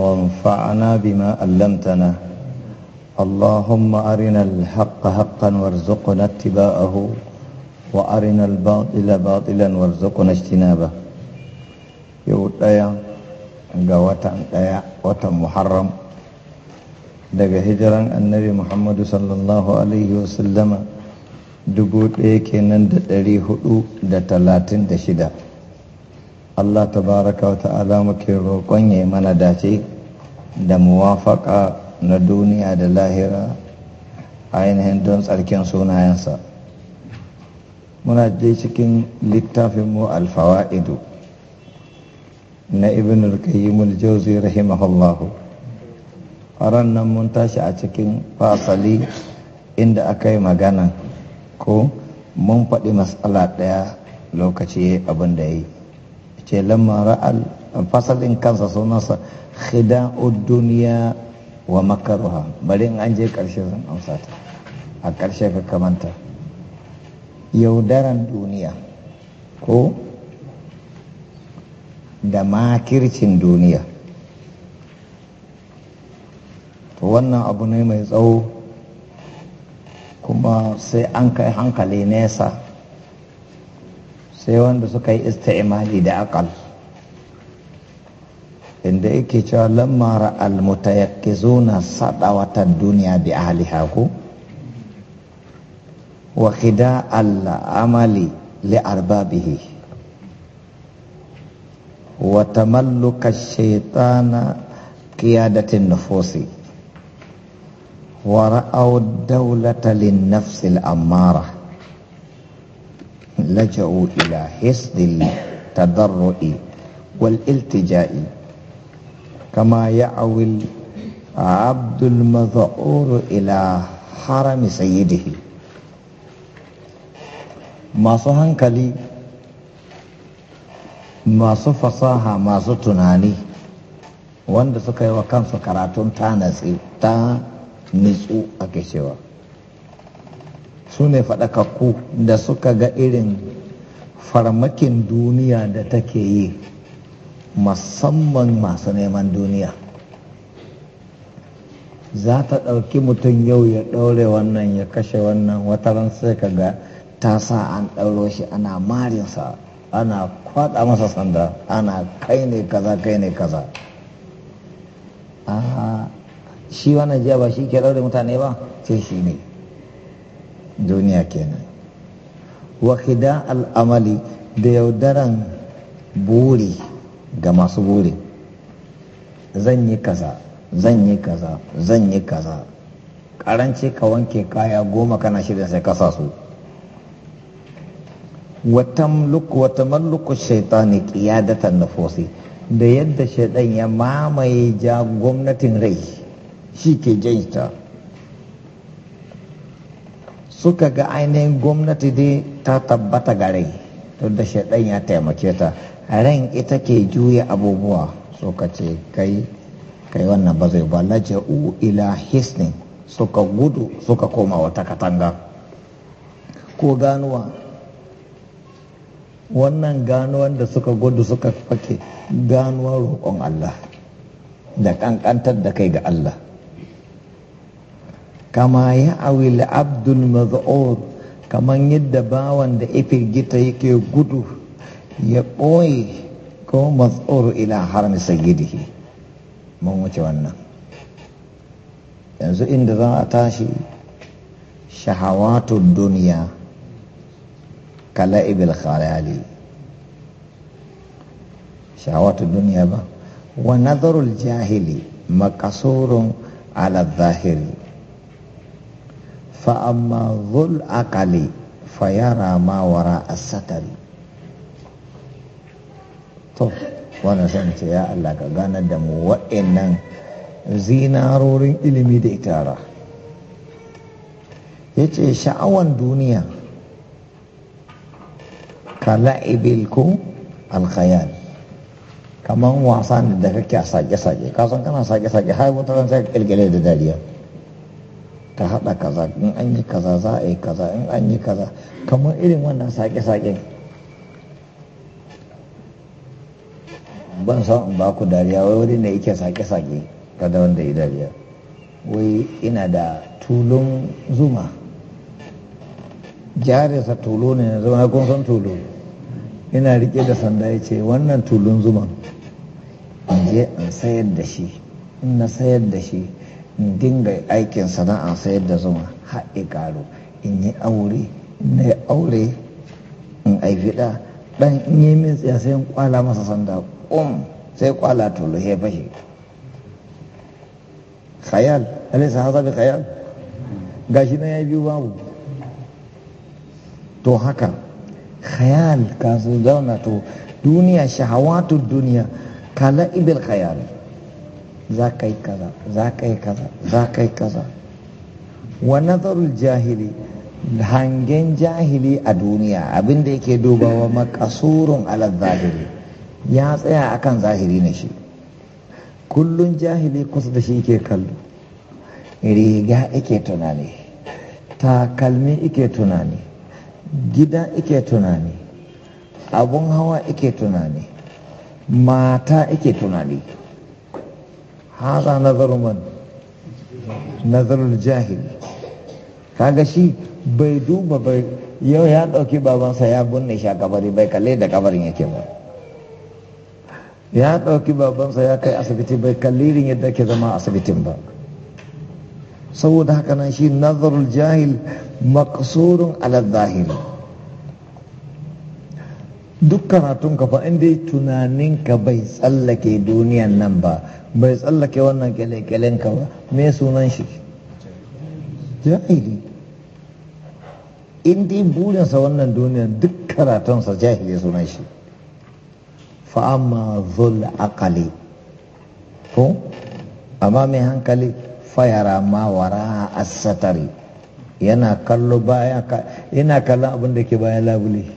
وانفعنا بما علمتنا اللهم أرنا الحق حقا وارزقنا اتباعه وأرنا الباطل باطلا وارزقنا اجتنابه يوتايا ga watan ɗaya watan muharram daga hijiran annabi muhammadu sallallahu alaihi wasallama dubu ɗaya kenan da ɗari hudu da talatin da shida Allah ta baraka wa ta'ala muke roƙon ya yi mana dace da muwafaƙa na duniya da lahira ainihin don tsarkin sunayensa muna je cikin littafin littafinmu alfawa'idu na ibn al-qayyimul jauzi rahimahullahu a ranar mun tashi a cikin fasali inda aka yi magana ko mun faɗi matsala ɗaya lokaci abin da ya yi ce lamma ra'al fasalin kansa sunansa khida'ud duniya wa makaruha bari in an je karshe zan a karshe ka kamanta yaudaran duniya ko da makircin duniya to wannan abu ne mai tsawo kuma sai an kai hankali nesa sai wanda suka yi isti'mali da aƙal. inda yake cewa lamma zuna saɗa wata duniya bi ahliha ko wa khida Allah amali li arbabihi wa tamalluka shaitana shaytana qiyadatin nufusi wa ra'aw ad-dawlata lin-nafsi al لجأوا إلى حصد التضرع والالتجاء كما يعوي عبد المذعور إلى حرم سيده ما صهن كلي ما صفصاها ما صتناني wanda suka yi سكراتون تانسي تانسو ta su ne faɗakakku da suka ga irin farmakin duniya da take yi musamman masu neman duniya za ta ɗauki mutum yau ya ɗaure wannan ya kashe wannan wata ran sai ka ga ta sa an ɗauro shi ana marinsa ana kwaɗa masa sanda ana kai ne kaza kai ne kaza shi wannan jiya ba shi ke ɗaure mutane ba sai shi ne duniya kenan wa khida al'amali da yaudaran buri ga masu buri zan yi kaza zan yi kaza zan yi kaza karanci ka wanke kaya goma kana shirya sai ka sa su wata malluku shaitani kiyadatan nufosi da yadda shaitan ya mamaye ja gwamnatin rai shi ke jan suka ga ainihin gwamnati dai ta tabbata rai to da shaɗan ya taimake ta ran ita ke juya abubuwa ka ce kai kai wannan ba zai ba u ila hisni suka gudu suka koma wata katanga ko ganuwa wannan ganuwan da suka gudu suka fake ganuwar roƙon Allah da ƙanƙantar da kai ga Allah kama ya awil abdul maz'ud kaman yadda bawan da ifirgita yake gudu ya ɓoye ko maz'ur ila harmi sayyidihi mun wuce wannan yanzu inda za a tashi shahawatun duniya kala ibil kharali shahawatun duniya ba wa nazarul jahili makasurun ala zahiri فأما ذو العقل ma wara a satari. to wannan sun ce ya Allah ka ganar da mu wa'annan zinarorin ilimi da itara ya ce sha'awan duniya ka la'ibil ko alkhayal kamar wasan da kake a sage-sage kasan kana sage-sage har wata ran sai kilgile da dariya ta haɗa kaza in an yi kaza za a yi kaza in an yi kaza kamar irin wannan sake-sake ban san in ba ku dariya wai wuri ne yake sake-sake kada wanda yi dariya wai ina da tulun zuma jarinsa tulo ne na zama kun san tulo ina rike da sanda ya ce wannan tulun zuma. in je in sayar da shi in na sayar da shi in dinga aikin sana'a sayar da zuma haɗe ƙaro in yi aure na yi aure in aifi ɗa ɗan in yi min tsaya sai kwala masa sanda ƙun sai kwala tolo ya fashe khayal alisa haza bi khayal gashi na ya biyu babu to haka khayal ka su zauna to duniya shahawatu duniya kala ibil khayal za ka yi kaza za ka yi kaza za ka yi kaza wa nazarul jahili hangen jahili a duniya abinda yake dubawa makasurun ala zahiri ya tsaya akan zahiri ne shi Kullum jahili kusa da shi ke kallo riga ike tunani takalmi ike tunani gida ike tunani abun hawa ike tunani mata ike tunani haza nazaru man nazarul jahili kaga shi bai duba bai yau ya ɗauki babansa ya binne shi a kabari bai kalle da kabarin yake ba ya ɗauki babansa ya kai asibiti bai kallirin yadda ke zama asibitin ba saboda haka nan shi nazarul jahil maqsurun ala zahiri duk karatun ka fa inda tunaninka bai tsallake duniyan nan ba bai tsallake wannan kyalekyalen ka ba me sunan shi jahili in dai burinsa wannan duniya duk karatunsa jahili sunan shi fa'amma zul akali ko amma mai hankali fayara ma wara asatari yana kallo baya yana kallon abin da ke bayan labule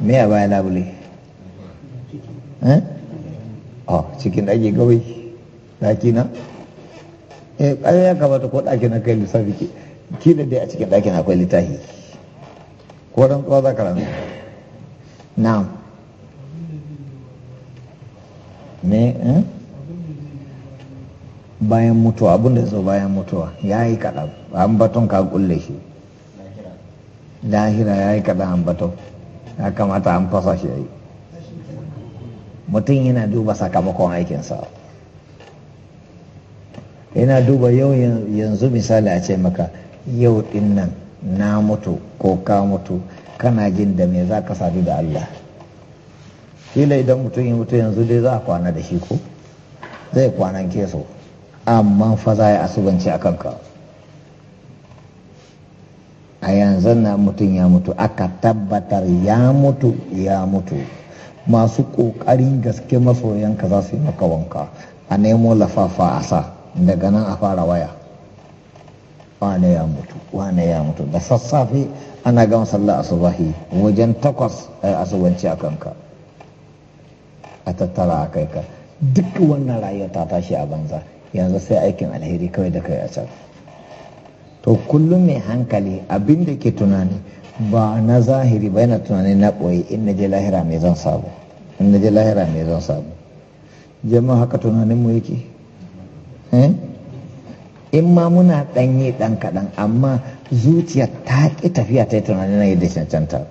me a bayan labule eh a cikin ɗaki gawai ɗaki na eh ya kamata ko ɗaki na kai lissafi ke da dai a cikin ɗakin akwai littafi ko ran tsawa za ka rana na me eh? bayan mutuwa abin da zo bayan mutuwa ya yi kaɗa an baton ka kulle shi lahira ya yi kaɗa an baton ya kamata an fasa shi ya yi mutum yana duba sakamakon aikinsa yana duba yau yanzu misali a ce maka yau din nan na mutu ko ka mutu kana jin da me za ka sadu da Allah kila idan mutum ya mutu yanzu dai za a kwana da shi ko zai kwanan keso amma fa za ya asubanci a kanka a yanzu na mutum ya mutu aka tabbatar ya mutu ya mutu masu ƙoƙarin gaske masoyanka za su yi maka wanka a nemo lafafa a sa daga nan a fara waya wane ya mutu wane ya mutu da sassafe ana gama sallah asubahi wajen takwas a eh, yi asubanci a kanka a tattara a kai ka duk wannan rayuwa ta tashi a banza yanzu sai aikin alheri kawai da kai a can to kullum mai hankali abinda da ke tunani ba na zahiri ba yana tunanin na ɓoye in na je lahira mai zan sabu in na je lahira mai zan sabu jama'a haka tunanin mu yake eh? in ma muna ɗanye ɗan kaɗan amma zuciya ta ƙi tafiya ta yi tunanin na yadda cancanta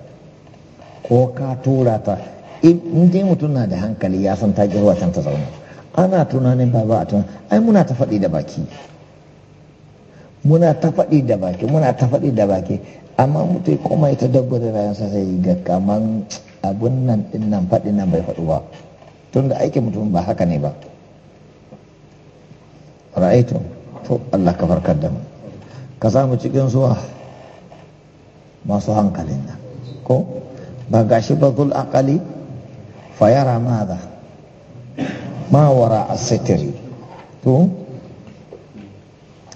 ko ka tura ta in dai mutum na da hankali ya san ta girwa can ta zauna ana tunanin ba ba a tunanin ai muna ta faɗi da baki muna ta faɗi da baki muna ta faɗi da baki amma mutu koma ita dabba da sai ga kaman abun nan din nan faɗi nan bai faɗu ba tun da aikin mutum ba haka ne ba ra'aito to Allah ka farkar da mu ka samu cikin zuwa masu hankalin nan ko ba gashi ba zul aqali fa yara madha ma wara as to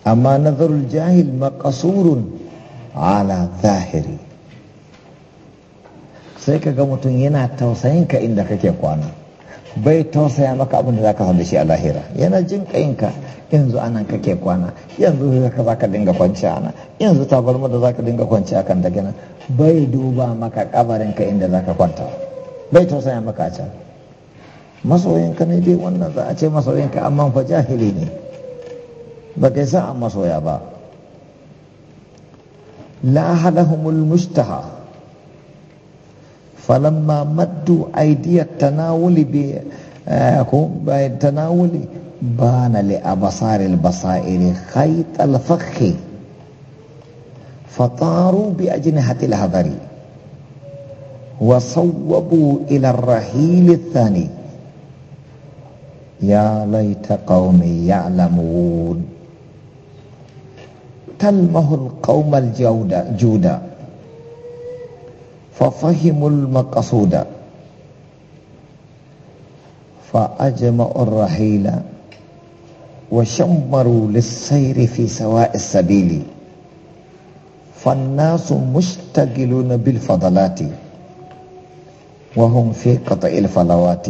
amma nazarul jahil maqsurun ala zahiri sai ka ga mutum yana tausayin ka inda kake kwana bai tausaya maka abin da za ka sanda shi a lahira yana jin ka yanzu anan kake kwana yanzu zaka za ka dinga kwanciya ana yanzu tabarma da za ka dinga kwanciya kan da gina bai duba maka ka inda za ka kwanta bai tausaya maka a can masoyinka ne dai wannan za a ce masoyinka amma fa jahili ne ba kai sa an masoya ba لاهلهم المشتهى فلما مدوا أيدي التناول بالتناول آه، بان لأبصار البصائر خيط الفخ فطاروا بأجنحة الهذر وصوبوا إلى الرحيل الثاني يا ليت قومي يعلمون تلمه القوم الجودة جودا ففهموا المقصود فأجمعوا الرحيل وشمروا للسير في سواء السبيل فالناس مشتغلون بالفضلات وهم في قطع الفلوات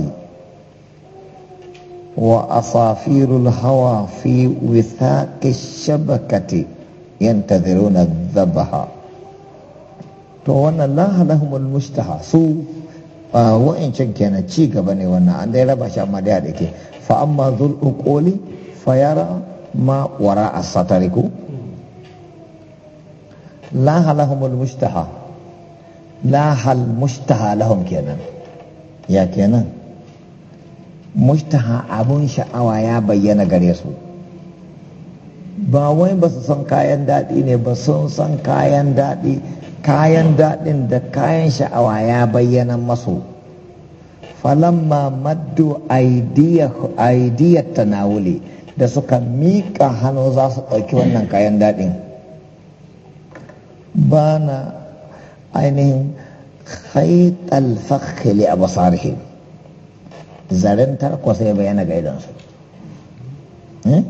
وأصافير الهوى في وثاق الشبكة yantaziruna dhabaha to wannan la halahumul mustaha su wa'ancan kenan ci gaba ne wannan an dai raba shi amma da a dake fa amma zul uquli fayara ma wara as-satariku la halahumul mustaha la hal mustaha lahum kenan ya kenan mustaha abun sha'awa ya bayyana gare su ba wai ba su san kayan daɗi ne ba sun san kayan daɗi kayan daɗin da kayan sha'awa ya bayyana masu falamma maddu aidiyar tanawuli da suka miƙa hannu za su ɗauki wannan kayan daɗin ba na ainihin haitar fakhili a basarihim zaren tarko sai bayyana gaidansu. Hmm?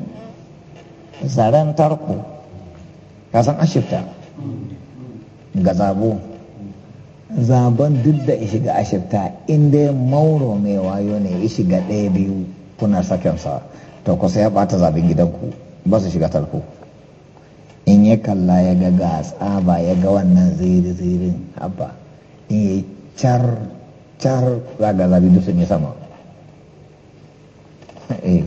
zaren tarko ka san ashirta ga zabo zaben duk da ya shiga ashirta inda ya mauro mai wayo ne ya shiga ɗaya biyu kuna sakensa to kusa ya bata zaben gidanku ba su shiga tarko in ya kalla ya ga ga tsaba ya ga wannan ziri-zirin abba in ya yi car car za ga zabi duk sun yi sama eh.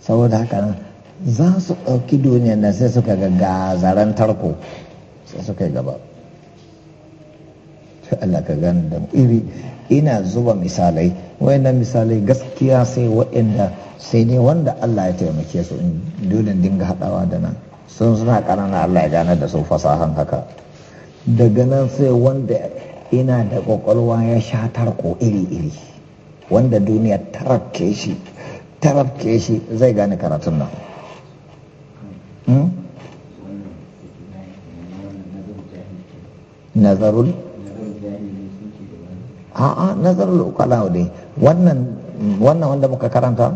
saboda haka nan za su ɗauki duniya nan sai suka ga gazaren tarko sai suka yi gaba sai Allah ka gani da iri ina zuba misalai wayannan misalai gaskiya sai waɗanda, sai ne wanda Allah ya taimake su in dole dinga haɗawa da nan sun suna ƙanana Allah ya gane da su fasahan haka daga nan sai wanda ina da ƙwaƙwalwa ya sha tarko iri-iri wanda duniya tarabke shi tarabke shi zai gane karatun nan nazarul a'a nazarul ukala ne wannan wannan wanda muka karanta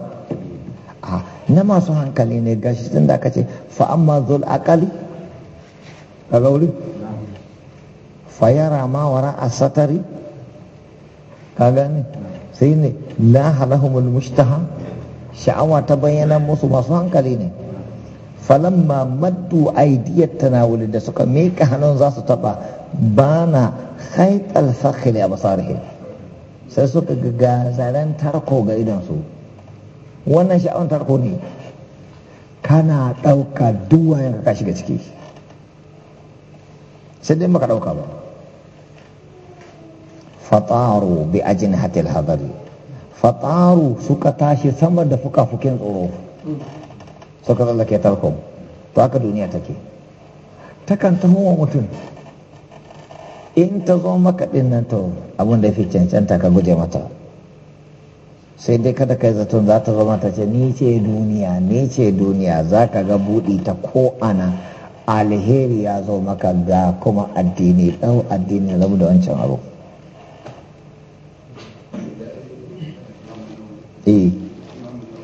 a na masu hankali ne gashi tun da aka ce fa amma zul akali kaga wuri fa yara ma wara asatari kaga ne sai ne la halahumul mushtaha sha'awa ta bayyana musu masu hankali ne falamma maddu aidiyat tanawul da suka mika hannun za su taba bana khaytal fakhil a basarihi sai suka ga zaren tarko ga idon su wannan sha'awan tarko ne kana ɗauka ya ka shiga ciki sai dai maka ɗauka ba fataru bi ajin hadari fataru suka tashi sama da fuka-fukin tsoro suka ke tarkon to haka duniya take takan ta wa mutum in ta zo maka din nan to abin da fi cancanta ka guje mata sai dai kada ka yi zaton za ta zo mata ce ni ce duniya ni ce duniya za ka ga buɗi ta ko ana alheri ya zo maka ga kuma addini ɗau addini rabu da wancan abu eh,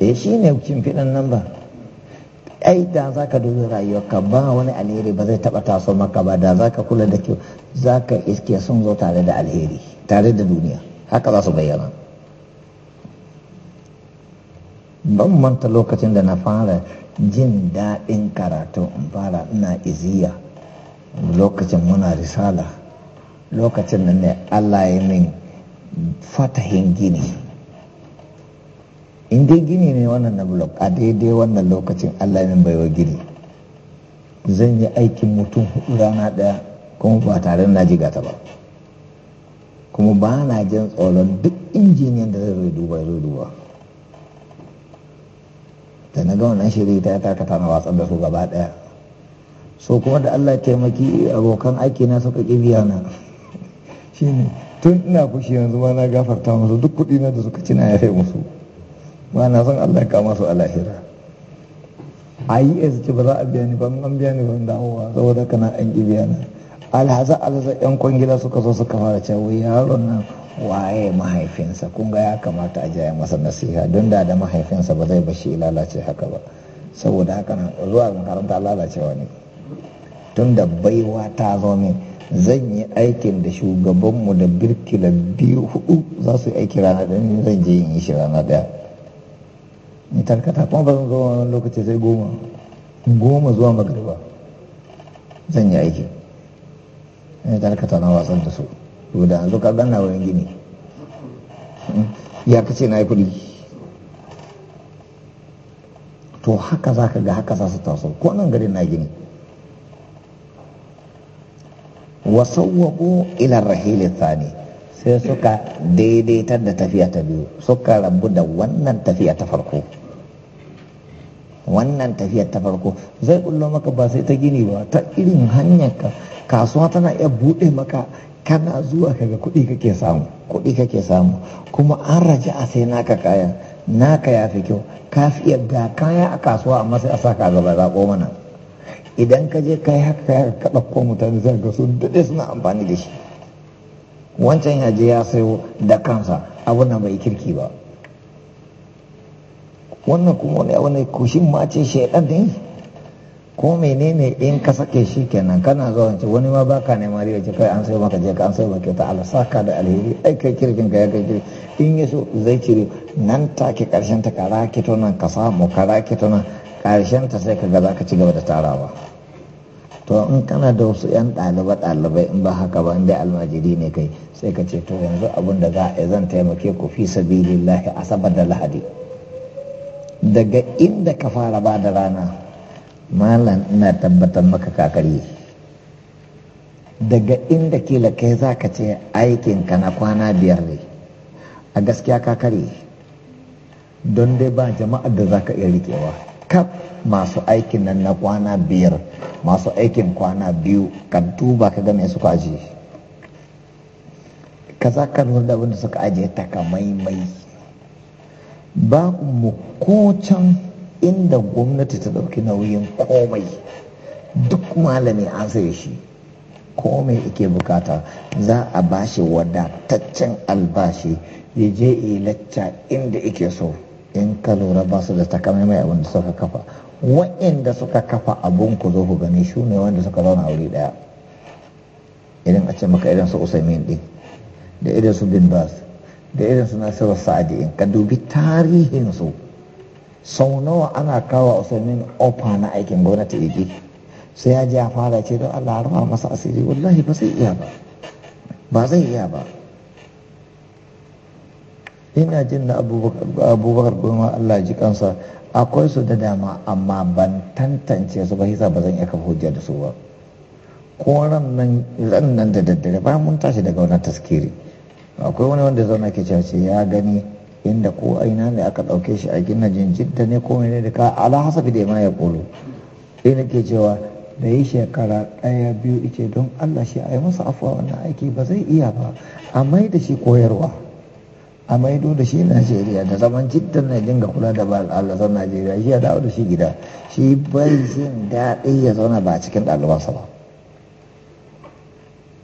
eh shi ne cin fiɗan nan ba ai da za ka dubi rayuwarka ba wani alheri ba zai taɓa taso maka ba da za ka kula da kyau za ka iske sun zo tare da alheri tare da duniya haka za su bayyana ban manta lokacin da na fara jin daɗin karatu in fara ina iziya lokacin muna risala lokacin da ne allah ya min fatahin gini in dai gini ne wannan na blog a daidai wannan lokacin allah min baiwa gini zan yi aikin mutum hudu rana daya kuma ba tare na ji gata ba kuma ba na jin tsoron duk injiniyan da zai duba zai duba da na gama nan shiri ta ta kata na watsar da su gaba daya so kuma da allah taimaki abokan aiki na suka ƙi biya na shine tun ina fushi yanzu ma na gafarta musu duk kuɗi na da suka cina ya musu ba na son Allah ya kama su a lahira a yi a suke ba za a biya ni ba an biya ni ban dawowa saboda kana an ki biya na alhaza alhaza yan kwangila suka zo suka fara cewa yaron nan waye mahaifinsa kun ga ya kamata a jaya masa nasiha don da da mahaifinsa ba zai bashi lalace haka ba saboda haka nan zuwa makaranta lalacewa ne tun da baiwa ta zo min zan yi aikin da shugabanmu da birkila biyu hudu za su yi aiki rana ɗaya zan je yin shi rana ɗaya ni tarkata kuma ba zan zo lokaci sai goma goma zuwa magariba zan yi aiki ni tarkata na wasan da su to da yanzu ka ganna wurin gini ya kace na yi kuɗi to haka za ka ga haka za su taso ko nan garin na gini wasauwa ko ilar rahilin tsani sai suka daidaitar da tafiya ta biyu suka rabu da wannan tafiya ta farko wannan tafiya ta farko zai kullo maka ba sai ta gini ba ta irin hanyar ka kasuwa tana iya buɗe maka kana zuwa kaga kuɗi kake samu kuɗi kake samu kuma an raja a sai naka kaya naka ya fi kyau ka fi iya ga kaya a kasuwa amma sai a saka a gaba ko mana idan ka je kai haka ka kaɗa ko mutane zai ga sun daɗe suna amfani da shi wancan ya je ya sayo da kansa abin nan bai kirki ba wannan kuma wani kushin ma ce shaidan ne ko menene in ka sake shi kenan kana zuwa ce wani ma baka mari ya ce kai an sai maka je ka an sai maka ta ala saka da alheri ai kai kirkin ka ya kai kirkin in ya so zai cire nan take karshen ta kara kito nan ka samu kara kito nan karshen ta sai ka ga zaka ci gaba da tarawa to in kana da wasu 'yan ɗaliba-ɗalibai in ba haka ba inda almajiri ne kai sai ka ce to yanzu abin da za a zan taimake ku fi sabilillahi asabar da lahadi daga inda ka fara ba da rana malam ina tabbatar maka kakari daga inda kila kai za ka ce ka na kwana biyar ne a gaskiya kakari don dai ba jama'ar da za ka iya riƙewa kaf masu aikin nan na kwana biyar masu aikin kwana biyu ka duba ka game suka aje ka za ka lura da wanda suka ajiye takamaimai ba mu kocan inda gwamnati ta ɗauki nauyin komai duk malami an sai shi komai ike bukata za a bashi wadataccen albashi ya je lacca inda ike so in ka lura ba su da takamaimai abinda suka kafa wa'inda suka kafa abun ku zo ku gani shu ne wanda suka zauna a wuri daya Idan a ce maka irin su usaimin din da irin su bin bas da irin su nasiru sa'adi'in ka dubi tarihin su sau nawa ana kawo usaimin ofa na aikin gwamnati yake sai ya ji a fara ce don allah harfa masa asiri wallahi ba zai iya ba ba zai iya ba ina jin da abubakar goma allah ji kansa akwai su da dama amma ban tantance su ba hisa ba zan iya kafa hujja da su ba ko ran nan da daddare bayan mun tashi daga wannan taskiri akwai wani wanda zauna ke cewa ya gani inda ko aina ne aka ɗauke shi a gina jinjinta ne ko ne da ka ala hasabi da ma ya kolo sai nake cewa da yi shekara ɗaya biyu ice don allah shi a yi masa afuwa wannan aiki ba zai iya ba a mai da shi koyarwa a maido da shi najeriya da zaman jiddan na dinga kula da al'adun najeriya shi ya dawo da shi gida shi bai jin daɗi ya zauna ba a cikin ɗalibansa ba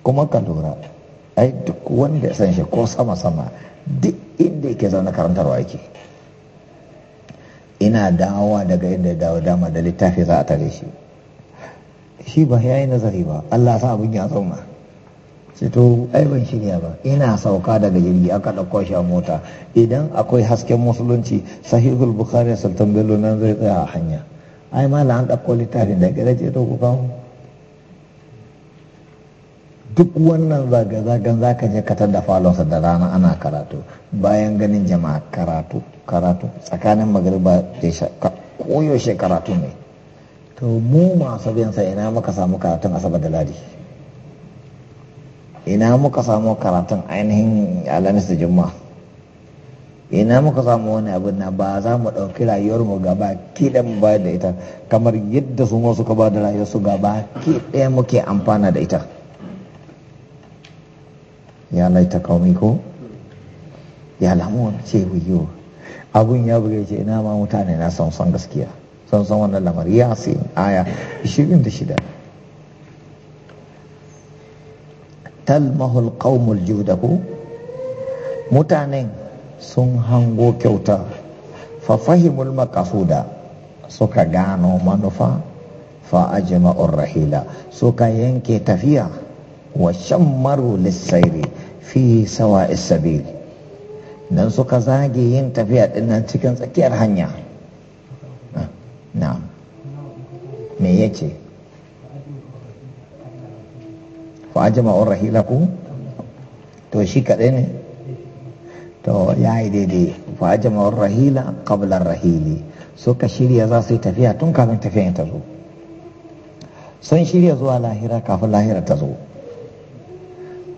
kuma ka lura ai duk wanda ya san shi ko sama-sama duk inda yake zauna karantarwa yake ina dawowa daga inda ya dawo dama da littafi za a tare shi shi ba ya yi nazari ba allah sa abin ya zauna sai to ai ban shirya ba ina sauka daga jirgi aka ɗauko shi a mota idan akwai hasken musulunci sahihul bukhari sultan bello nan zai tsaya a hanya ai ma la an ɗauko littafin da gare ce to ku kawo duk wannan zagazagan za ka je ka da falonsa da rana ana karatu bayan ganin jama'a karatu karatu tsakanin magariba da koyaushe karatu ne to mu masu bin sa ina muka samu karatun asabar da ladi ina muka samu karatun ainihin alamis da juma ina muka samu wani abin na ba za mu ɗauki rayuwarmu gaba ki mu bayar da ita kamar yadda su wasu ka ba da rayuwarsu gaba ki muke amfana da ita ya laita kaumi ko ya lamu ce wuyo abun ya buga ce ina ma mutane na son gaskiya son son wannan lamari ya sai aya 26 talmahul qaumul judahu mutanen sun hango kyauta fa fahimul makafuda suka gano manufa fa ajma'ur rahila suka yanke tafiya wa shammaru lissairi fi sawa'is sabil dan suka zage yin tafiya ɗinnan cikin tsakiyar hanya ah, na me yace fa ajma'u rahilaku to shi kadai ne to yayi daidai fa ajma'u rahila qabla rahili suka shirya za su yi tafiya tun kafin tafiya ta zo sun shirya zuwa lahira kafin lahira ta zo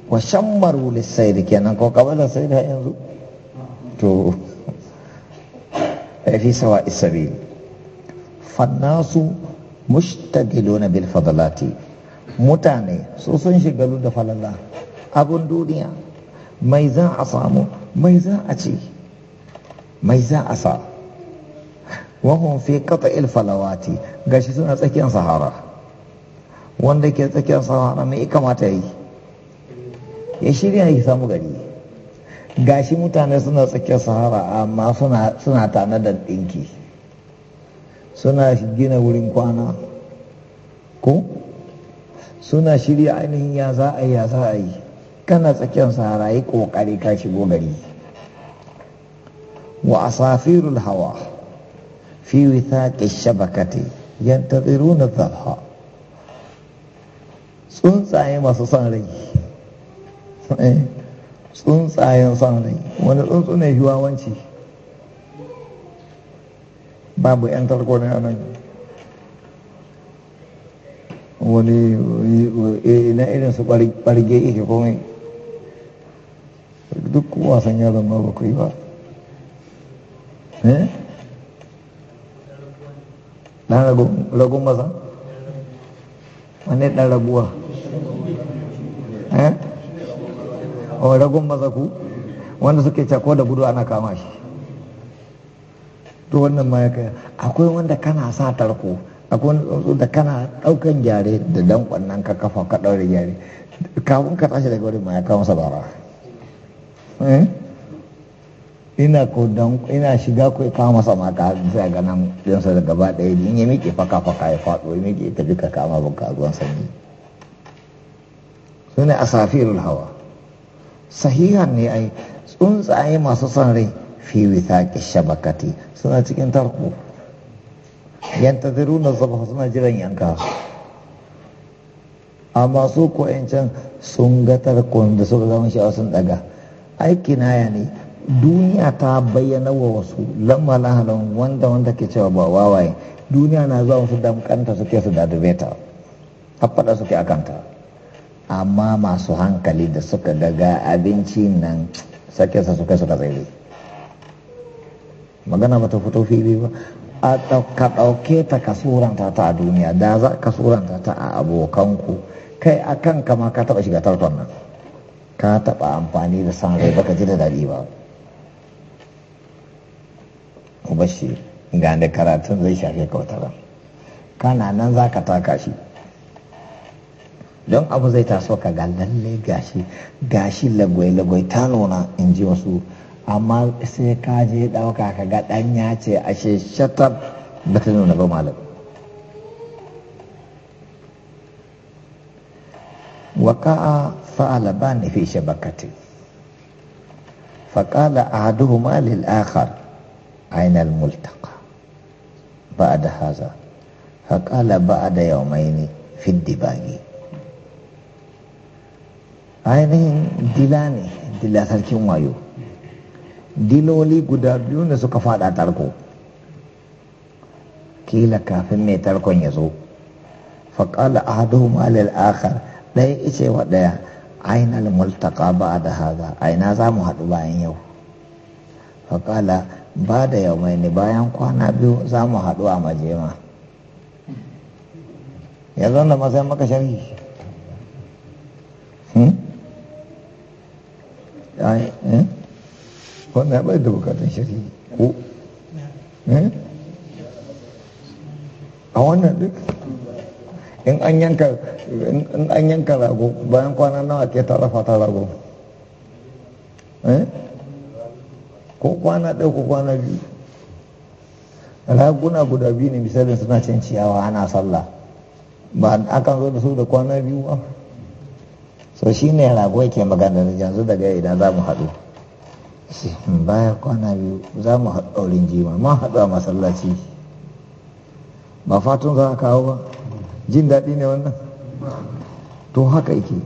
wa shammaru lissairi kenan ko kabbalar sai da yanzu to fi sawa isabil fannasu mushtagiluna bil fadalati mutane su sun shigaru da falalla abun duniya mai za a samu mai za a ce mai za a sa wahun fi kafa Ga gashi suna tsakiyar sahara wanda ke tsakiyar sahara mai kamata yi ya shirya ya samu gari gashi mutane suna tsakiyar sahara amma suna tana da ɗinki suna gina wurin kwana ko suna shirya ainihin ya za a yi ya za a yi kana tsakiyar sahara yi kokari ka shigo gari wa asafirul hawa fi withaqi shabakati na zafa tsuntsaye masu son rai eh, tsuntsayen son rai wani tsuntsu ne wanci babu 'yan tarko na nan wani ina eh, irin su ɓarge yake komai duk wasan yaron ma ba ku yi ba eh? ɗan ragun masa wani ɗan raguwa a eh? oh, ragun maza ku wanda suke cako da gudu ana kama shi to wannan ma ya kai akwai wanda kana sa tarko akwai tsuntsu da kana ɗaukan gyare da dankon nan ka kafa ka ɗaure gyare kafin ka tashi daga wurin ma ya kawo masa bara eh? ina ko dan ina shiga ko kawo masa maka sai ga nan yansa da gaba ɗaya in ya miƙe faka faka ya faɗo ya miƙe ta duka kama baka zuwan sanyi su ne asafirul hawa sahihan ne ai tsuntsaye masu son rai fi wita shabakati suna cikin tarko yantaziruna sabah suna jiran yanka A masu ko can sun ga tarkon da suka gama sha'awa sun daga aiki ya ne duniya ta bayyana wa wasu lamma lahalan wanda wanda ke cewa ba wawaye duniya na zuwa wasu damkanta suke su dadube ta haffada suke akanta amma masu hankali da suka gaga abinci nan sake sa suka suka tsaye magana bata fito fili ba ka ɗauke ta ka suranta ta a duniya da za ka suranta ta a abokanku kai a hmm. kan kama ka taɓa shiga tarton nan ka taɓa amfani da san rai baka ji da daɗi ba ubashi ga da karatun zai shafe kautara kana nan za ka taka shi don abu zai taso ka ga lalle gashi gashi lagwai lagwai ta nuna in ji wasu amma sai ka je ɗauka ka ga ɗan ya ce ashe shatar ba ta nuna ba malam waka'a fa'ala ba ni fi shabakati faƙala a haduhu malil akhar ainihin multaka ba da haza faƙala ba da yaumaini fiddi bagi ainihin dila ne dila sarkin wayo diloli guda biyu ne suka fada tarko kila kafin mai tarkon ya zo faƙala ahaduhum malil akhar ɗaya ice wa ɗaya ainal multaka ba da haza aina za mu haɗu bayan yau faƙala ba da yau mai ne bayan kwana biyu za mu haɗu a majema ya zauna masai maka shari'i hmm? wannan bai da bukatun shari'i ko eh? a wannan duk in an yanka rago bayan kwana nawa ke tarafa ta rago eh? ko kwana ɗaya ko kwana biyu raguna guda biyu ne misalin suna cin ciyawa ana sallah ba akan zo da su da kwana biyu ba so shi ne rago yake magana yanzu daga idan za mu haɗu baya kwana biyu za mu haɗaurin jima ma haɗu a masallaci ba fatun za a kawo ba jin daɗi ne wannan to haka yake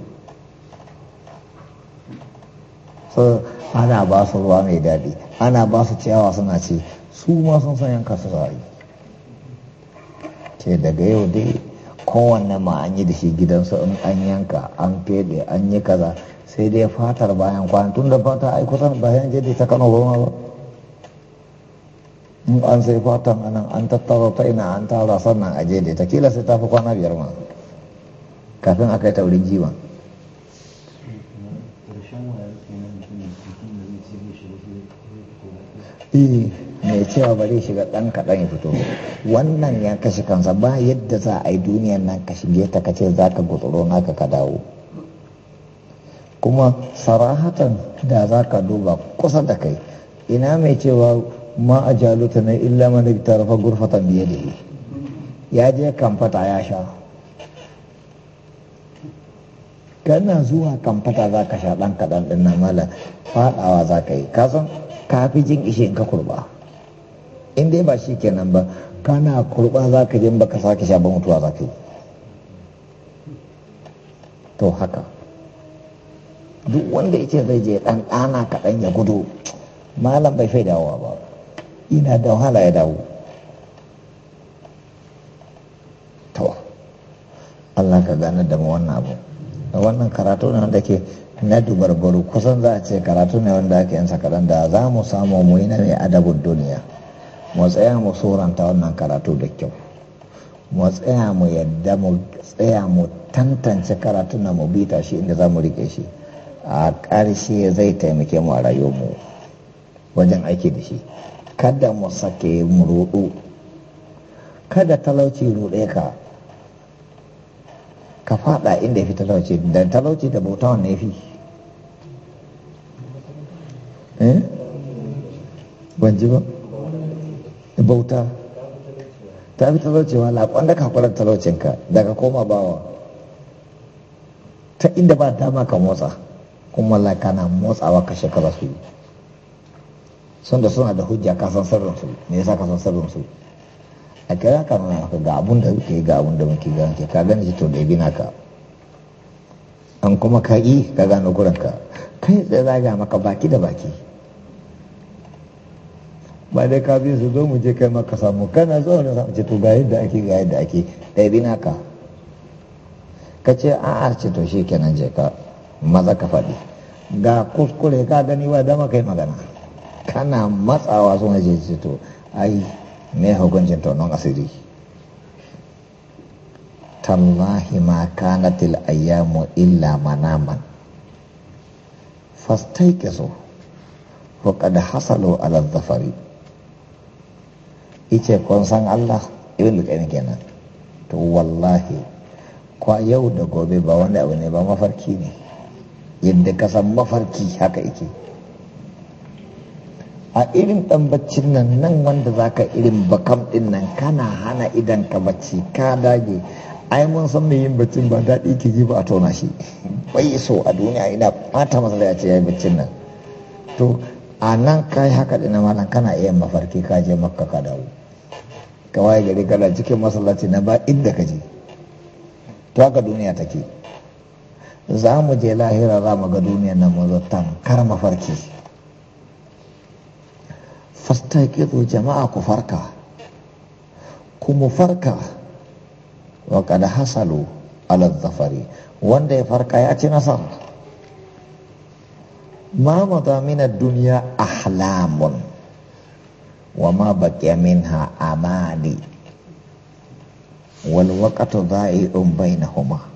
so ana ba su ruwa mai daɗi ana ba su ciyawa suna ce su ma sun san yanka su zari ce daga yau dai kowanne ma an yi da shi gidansu in an yanka an fede an yi kaza sai dai fatar bayan kwana tun da fata ai kusan bayan je da ta kano goma ba in an sai fatan anan an tattara ta ina an tara sannan je da ta kila sai ta fi kwana biyar ma kafin aka yi taurin jiwa eh, mai cewa bari shiga ɗan kaɗan ya fito wannan ya kashe kansa ba yadda za a yi duniyan nan ka shige ta kace za ka gutsuro naka ka dawo kuma sarahatan da za ka duba kusa da kai ina mai cewa ma a jaluta na illa mana ta rufa gurfatan biye da yi ya je kamfata ya sha kana zuwa kamfata za ka sha ɗan kaɗan ɗin na mala faɗawa za ka yi kasan kafi jin ishe ka kurba in dai ba shi kenan ba kana kurba za ka jin baka sake sha ba mutuwa za ka yi to haka duk wanda yake zai je dan ɗana kaɗan ya gudu malam bai fai dawowa ba ina da wahala ya dawo to Allah ka gane da wannan abu wannan karatu ne wanda ke na dubarbaru kusan za a ce karatu ne wanda ake yin sakaran da za mu samu mu yi na mai adabin duniya mu tsaya mu suranta wannan karatu da kyau mu tsaya mu yadda mu tsaya mu tantance karatu na mu bita shi inda za mu riƙe shi a ƙarshe zai taimake mu a rayuwarmu wajen aiki da shi kada mu sake mu rudu kada talauci rude ka ka fada inda ya fi talauci da talauci da bauta wanne ya fi eh? ban ji ba bauta ta fi talaucewa laƙon da kakwarar talaucinka daga koma bawa ta inda ba dama ka motsa kuma wallahi kana motsawa kashe ka su yi sun da suna da hujja ka san sirrin su me yasa ka san sirrin su a kira ka nuna ka ga abun da muke ga abun da muke ga ke ka gani to da bina ka an kuma ka yi ka gane gurin ka kai da zaga maka baki da baki ba dai ka bi su zo mu je kai maka samu kana zo na samu ce to ga yadda ake ga yadda ake da bina ka ka ce a'a ce to shi kenan je ka maza ka faɗi ga kuskure ka gani wa dama kai magana kana matsawa sun aje to ai me hukuncin tonon asiri tallahi ma kanatil ayyamu illa manaman fastaiqizu ko kada hasalo ala zafari ice kun san Allah ibn lukaini kenan to wallahi kwa yau da gobe ba wani abu ne ba mafarki ne yadda ka san mafarki haka yake a irin ɗan baccin nan nan wanda za ka irin bakam ɗin nan kana hana idan ka bacci ka dage ai mun san mai yin baccin ba daɗi ke ji ba a tona shi bai so a duniya ina fata masala ya ce ya yi baccin nan to a nan ka yi haka ɗina malam kana iya mafarki ka je makka ka dawo kawai gari kana cikin masallaci na ba inda ka je to haka duniya take za mu je lahira za mu ga duniyar nan mu farki tankar mafarki fastaqizu jama'a ku farka ku mu farka wa kada hasalu ala zafari wanda ya farka ya ci nasar ma mata min ahlamun wa ma baqiya minha amali wal waqtu dha'i'un bainahuma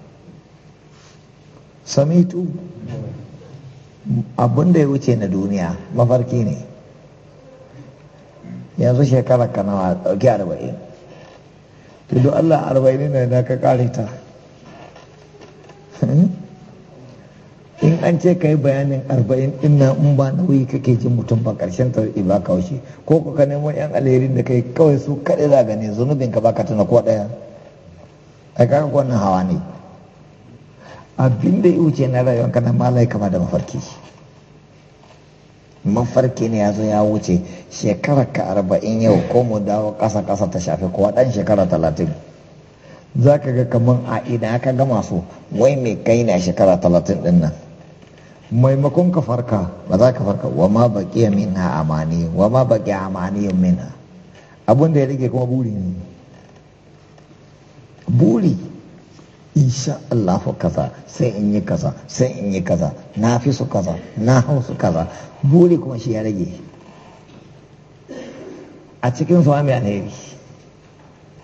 samitu abun da ya wuce na duniya mafarki ne yanzu shekarar ka nawa ɗauki arba'in to do allah arba'in ne na ka karita hmm? in an ce ka yi bayanin arba'in ina in ba nauyi kake jin mutum ba karshen ta ba kaushe ko ku ka nemo yan alherin da kai kawai su kaɗai zagane zunubin ka baka tuna ko ɗaya a kaga wannan hawa ne abin da ya wuce na rayuwar ka nan malai kama da mafarki mafarki ne ya zo ya wuce shekarar ka arba'in yau ko mu dawo ƙasa ƙasa ta shafi kuwa ɗan shekara talatin za ka ga kamar a ina aka gama su wai mai kai na shekara talatin ɗin nan maimakon ka farka ba za ka farka wa ma baƙi min ha amani wa ma baƙi amani min ha abin da ya rage kuma buri ne buri insha fa kaza sai in yi kaza sai in yi kaza na fi su kaza na hau su kaza buri kuma shi ya rage a cikin su yi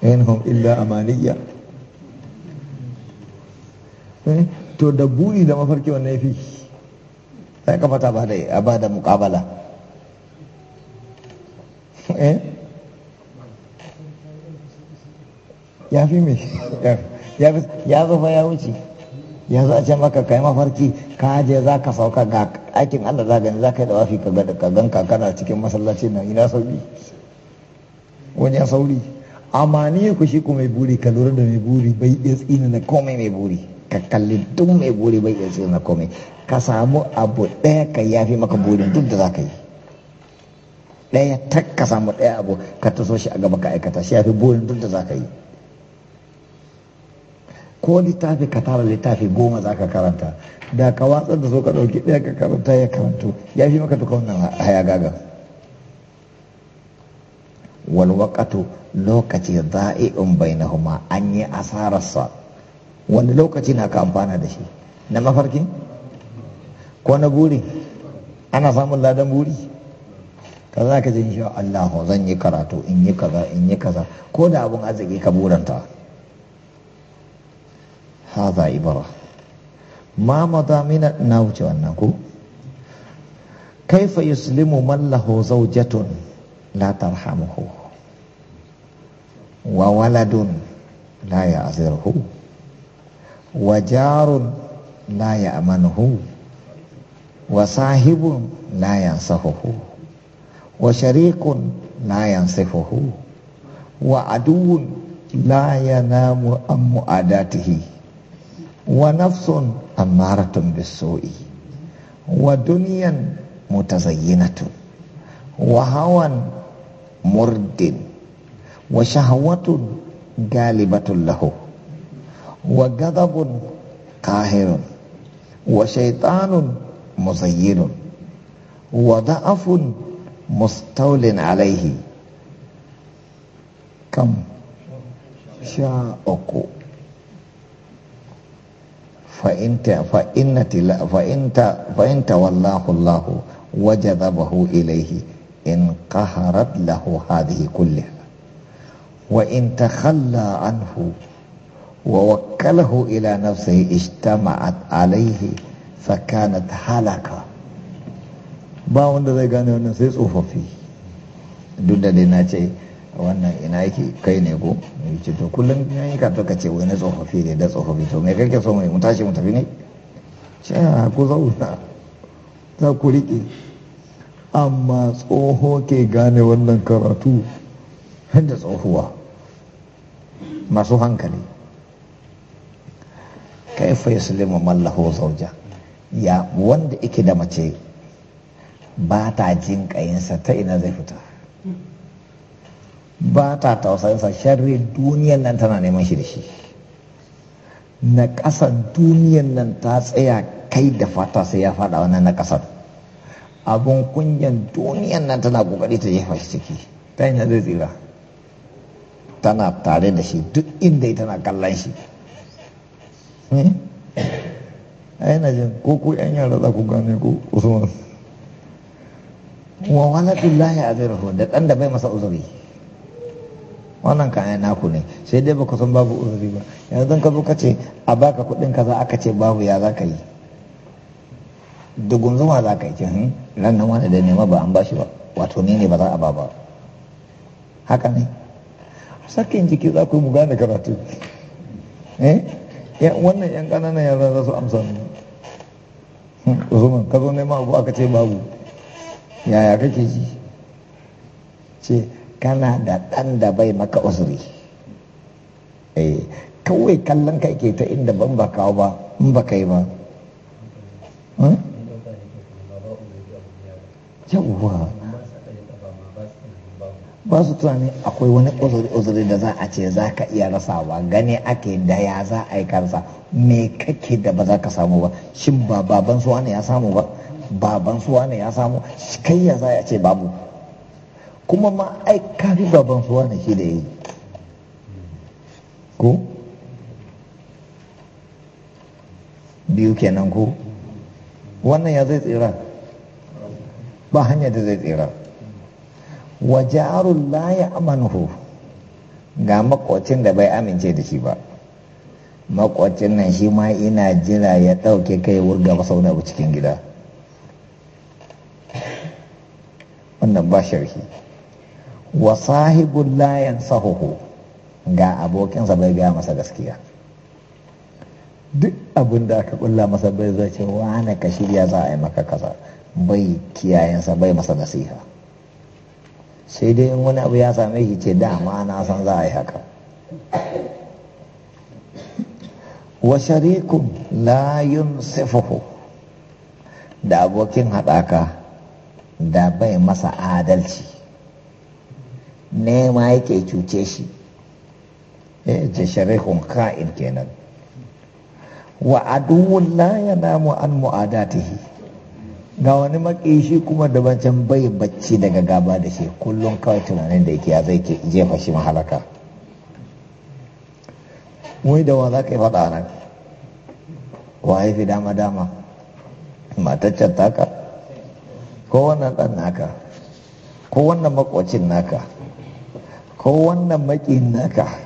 In hau illa amaniya eh, to da buri da mafarki wannan yafi sai ka fata ba da a ba da muƙabala eh? ya fi mai ya zo fa ya wuce ya zo a ce maka kai mafarki ka je za ka sauka ga aikin Allah za gani za ka yi da wafi ka ga gan kakana cikin masallaci na ina sauri wajen sauri amma ni ku shi ku mai buri ka lura da mai buri bai iya tsina na komai mai buri ka kalli duk mai buri bai iya tsina na komai ka samu abu ɗaya ka yafi maka burin duk da za ka yi ɗaya tak ka samu ɗaya abu ka taso shi a gaba ka aikata shi yafi burin duk da za ka yi ko littafi ka tara littafi goma za ka karanta da ka watsar da so ka ɗauki ɗaya ka karanta ya karanto ya fi maka duka wannan haya gaga wal waqatu lokaci na bainahuma an yi asararsa wanda lokaci na ka amfana da shi na mafarkin ko na buri ana samun ladan buri ka za ka jin shi Allahu zan yi karatu in yi kaza in yi kaza ko da abun arziki ka buranta هذا عبارة ما مضى من نوجه أنه كيف يسلم من له زوجة لا ترحمه وولد لا يعذره وجار لا يأمنه وصاحب لا ينصفه وشريك لا ينصفه وعدو لا ينام عن مؤاداته ونفس أمارة بالسوء ودنيا متزينة وهوى مرد وشهوة غالبة له وغضب قاهر وشيطان مزين وضعف مستول عليه كم شاءكم fa'inta fa'innati la fa'inta fa'inta wallahu Allah wajazabahu in qaharat lahu hadhihi kulli wa in takhalla anhu wa wakkalahu ila nafsihi ijtama'at alayhi fakanat halaka ba wanda zai gane wannan sai tsofaffi duk da dai na ce wannan ina yake kai ne ko mai ce to kullum ya yi kafin ka ce na tsofaffi ne da tsofaffi to mai kake so mai mu tashi mu tafi ne ce ku zauna za ku riƙe amma tsoho ke gane wannan karatu da tsohuwa masu hankali kai fa ya mallahu zauja ya wanda ike da mace ba ta jin kayinsa ta ina zai fita ba ta tausayinsa sharri duniyan nan tana neman shi da shi na ƙasar duniyan nan ta tsaya kai da fata sai ya faɗa wannan na ƙasar abun kunyan duniyan nan tana ƙoƙari ta jefa shi ciki ta yi zai tsira tana tare da shi duk inda tana kallon shi hmm? a yana jin ko ko yan yara za ku gane ko usman wa wani billahi a zai da ɗan da bai masa uzuri wannan kayan naku ne sai dai baka san babu uzuri ba yanzu ka zo ka ce a baka kuɗin kaza aka ce babu ya za ka yi dugun zuwa za ka yi kin ran nan wani da nema ba an bashi ba wato ni ne ba za a ba ba haka ne sakin jiki za ku mu gane karatu eh wannan yan ƙananan yara za su amsa zuman ka zo nema abu aka ce babu yaya kake ji ce kana da ɗan da bai maka uzuri eh kawai kallon kai ke ta inda ban ba kawo ba in ba kai ba hmm? yawwa ba su tunani akwai wani uzuri da za a ce za ka iya rasawa gane ake da ya za a yi karsa me kake da ba za ka samu ba shin ba baban suwa ne ya samu ba baban suwa ne ya samu kai ya za a ce babu kuma ma ai kafi baban su wani shi da yi ko biyu kenan ko wannan ya zai tsira ba hanya da zai tsira wa jarun la ya amanu. ga makwacin da bai amince da shi ba makwacin nan shi ma ina jira ya ɗauke kai wurga ba sau abu cikin gida wannan ba sharhi wa sahibun layan sahuhu ga abokinsa bai gaya masa gaskiya duk abin da aka kulla masa bai zai ce wane ka shirya za a yi maka kasa bai kiyayensa bai masa nasiha sai dai in wani abu ya same shi ce dama na san za a yi haka wa sharikun layun sifuhu da abokin haɗaka da bai masa adalci nema yake cuce shi eh, da sharihun ka'in kenan wa aduwun la yanamu an mu'adatihi ga wani makishi kuma da bancan bai bacci daga gaba da shi kullum kawai tunanin da yake ya zai ke jefa shi mahalaka wai da wa za ka yi faɗa nan wa haifi dama dama mataccen taka ko wannan ɗan naka ko wannan makwacin naka ko wannan naka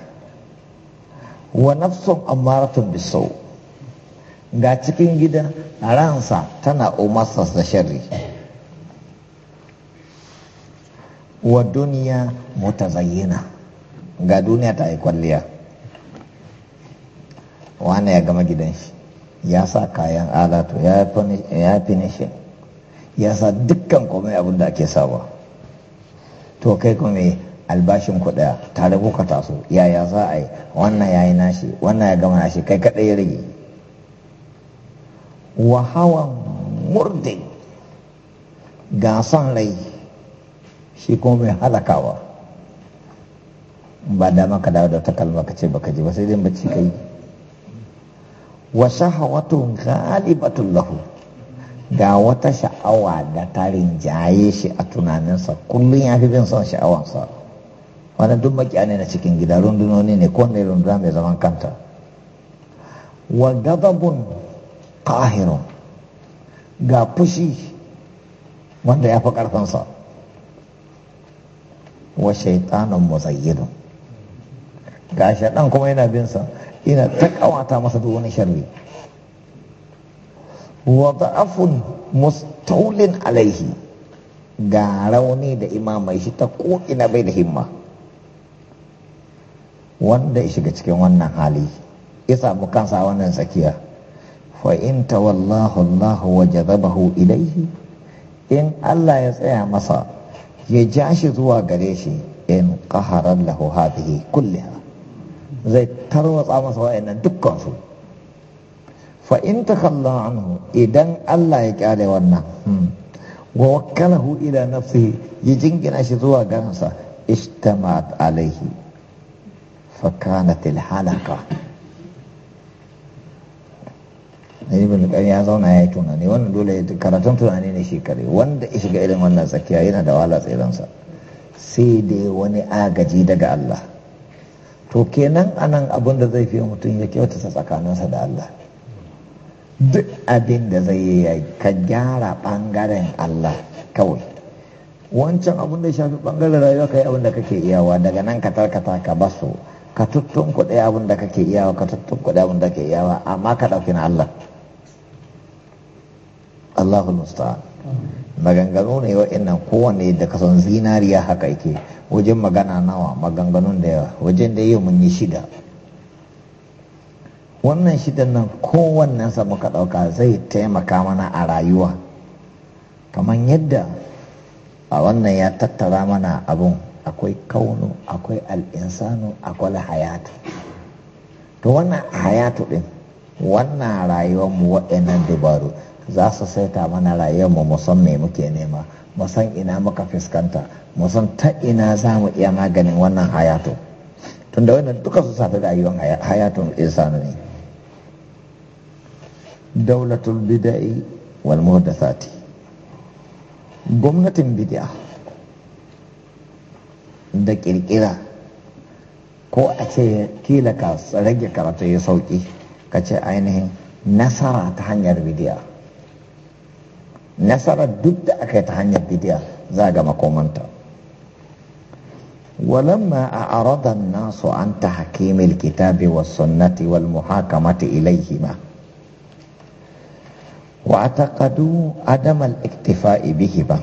wa nafsun amaratun bisau ga cikin gida ransa tana umarsa da sharri wa duniya zayyana, ga duniya ta yi kwalliya wane ya gama gidan shi ya sa kayan alatu ya nishin ya sa dukkan komai abin da ake sawa to kai kome albashin ku daya tare kuka taso yaya za a yi wannan ya nashi wannan ya gama nashi kai kaɗai ya rage wahawan murdin gasan rai shi kuma mai halakawa ba da maka dawo da ta kalma ka ce baka ji ba sai dai bacci kai wa shahawatun galibatun lahu ga wata sha'awa da ta rinjaye shi a tunaninsa kullum ya fi bin son sha'awansa wannan duk makiya ne na cikin gida rundunoni ne kone runduna mai zaman kanta wa gababun ƙahirun ga fushi wanda ya fi ƙarfinsa wa shaitanin muzayyidun ga shaɗan kuma yana binsa ina ta ƙawata masa duk wani sharri wa ta'afun mustaulin alaihi ga rauni da imamai shi ta ko'ina bai da himma wanda ya shiga cikin wannan hali ya samu kansa wannan tsakiya fa in tawallahu Allahu wa jazabahu ilaihi in Allah ya tsaya masa ya ja shi zuwa gare shi in qaharar lahu hadhihi kulliha zai tarwatsa masa wayannan dukkan su fa in anhu idan Allah ya kyale wannan hmm, wa wakkalahu ila nafsihi ya jingina shi zuwa gansa ishtamat alaihi فكانت الحلقة ibn kan ya zauna ya yi tunani wannan dole karatun tunani ne shi kare wanda ya shiga irin wannan tsakiya yana da wala tsiransa sai dai wani agaji daga Allah to kenan anan abin da zai fi mutum ya kyautata tsakaninsa da Allah duk abin da zai yi ka gyara bangaren Allah kawai wancan abin da ya shafi bangaren rayuwa ka yi abin da kake iyawa daga nan ka tarkata ka basu ka tuttun kuɗi abin da kake iyawa ka tuttun kuɗi abin da kake iyawa amma ka ɗauki na Allah Allahul musta'an maganganu ne wa'annan kowanne da ka san zinariya haka yake wajen magana nawa maganganun da yawa wajen da yau mun yi shida wannan shidan nan kowannen sa muka ɗauka zai taimaka mana a rayuwa kamar yadda a wannan ya tattara mana abun akwai kaunu akwai al'insanu akwai hayatu to wannan hayatu din wannan mu wa'annan dabaru za su saita mana rayuwarmu musamman muke nema musan ina muka fuskanta musan ta ina za mu iya maganin wannan hayatu tun da wannan duka su safi rayuwar hayatun insanu ne daulatul bida'i wal sati gwamnatin bid'a da ƙirƙira, ko a ce kila ka rage karatu ya sauki ka ce ainihin nasara ta hanyar bidiya nasara duk da aka yi ta hanyar bidiya za a ga makomanta walamma a aradan nasu an ta hakimil kitabi wa wal muhakamati ilaihi ba? wa taqadu Adamal al-iktifa'i bihi ba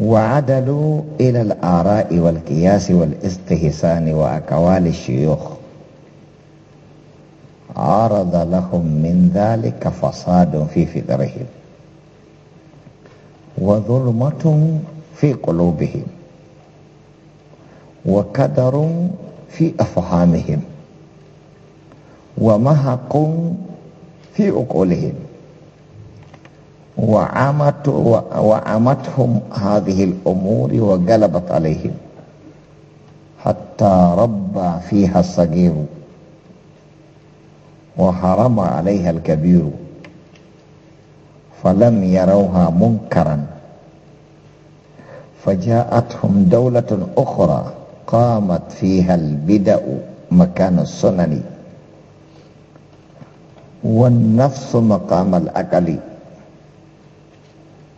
وعدلوا إلى الآراء والقياس والاستهسان وأقوال الشيوخ عرض لهم من ذلك فصاد في فكرهم وظلمة في قلوبهم وكدر في أفهامهم ومهق في عقولهم وعمت وعمتهم هذه الأمور وقلبت عليهم حتى ربى فيها الصغير وحرم عليها الكبير فلم يروها منكرا فجاءتهم دولة أخرى قامت فيها البدء مكان السنن والنفس مقام الأقل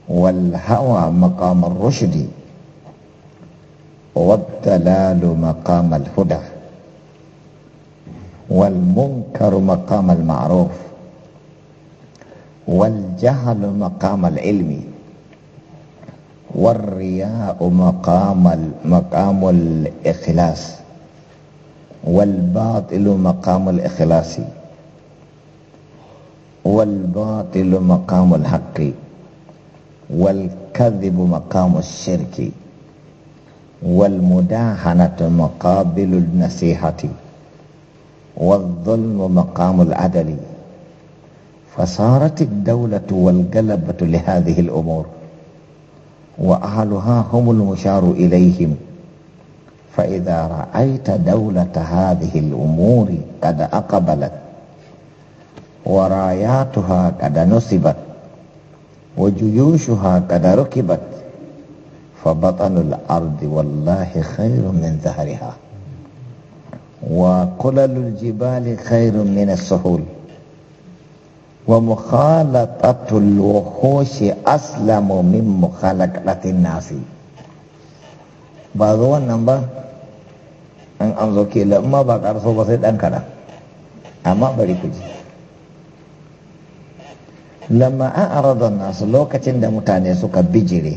والهوى مقام الرشد والدلال مقام الهدى والمنكر مقام المعروف والجهل مقام العلم والرياء مقام مقام الإخلاص والباطل مقام الإخلاص والباطل مقام الحق والكذب مقام الشرك والمداهنة مقابل النصيحة والظلم مقام العدل فصارت الدولة والقلبة لهذه الأمور وأهلها هم المشار إليهم فإذا رأيت دولة هذه الأمور قد أقبلت وراياتها قد نصبت وجيوشها قد ركبت فبطن الأرض والله خير من ظهرها وقلل الجبال خير من السهول ومخالطة الوحوش أسلم من مخالطة الناس بعض النمبر أن أنظر كلا ما بقى رسول بسيط أنكرا أما بريكو lamma an aradon nasu lokacin da mutane suka bijire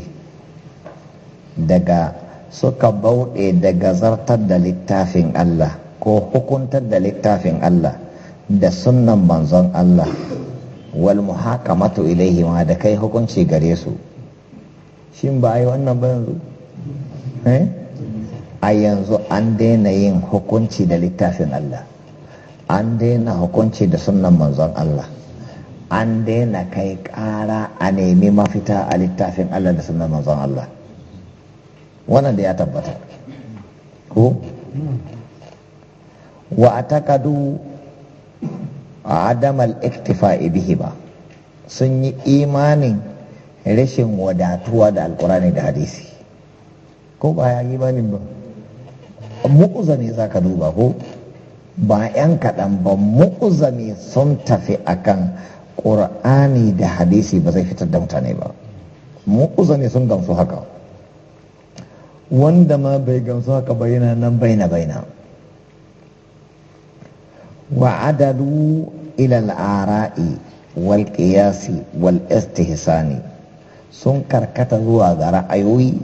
daga suka bauɗe daga zartar da littafin Allah ko hukuntar da littafin Allah da sunan manzon Allah wal muhakamatu ilaihi ma da kai hukunci gare su shin ba a yi wannan ba yanzu eh? a yanzu an daina yin hukunci da littafin Allah an daina hukunci da sunan manzon Allah an daina kai ƙara a nemi mafita a littafin Allah da sunan manzon Allah wannan da ya tabbata ko wa atakadu adam al bihi ba sun yi imanin rashin wadatuwa da alkurani da hadisi ko ba ya imanin ba ne za ka duba ko ba 'yan kaɗan ba mu'uza ne sun tafi akan ƙura'ani da hadisi ba zai fitar da mutane ba mu ne sun gamsu haka wanda ma bai gamsu haka bayyana nan baina baina wa adadu ilal ara'i wal qiyasi wal istihsani sun karkata zuwa ga ra'ayoyi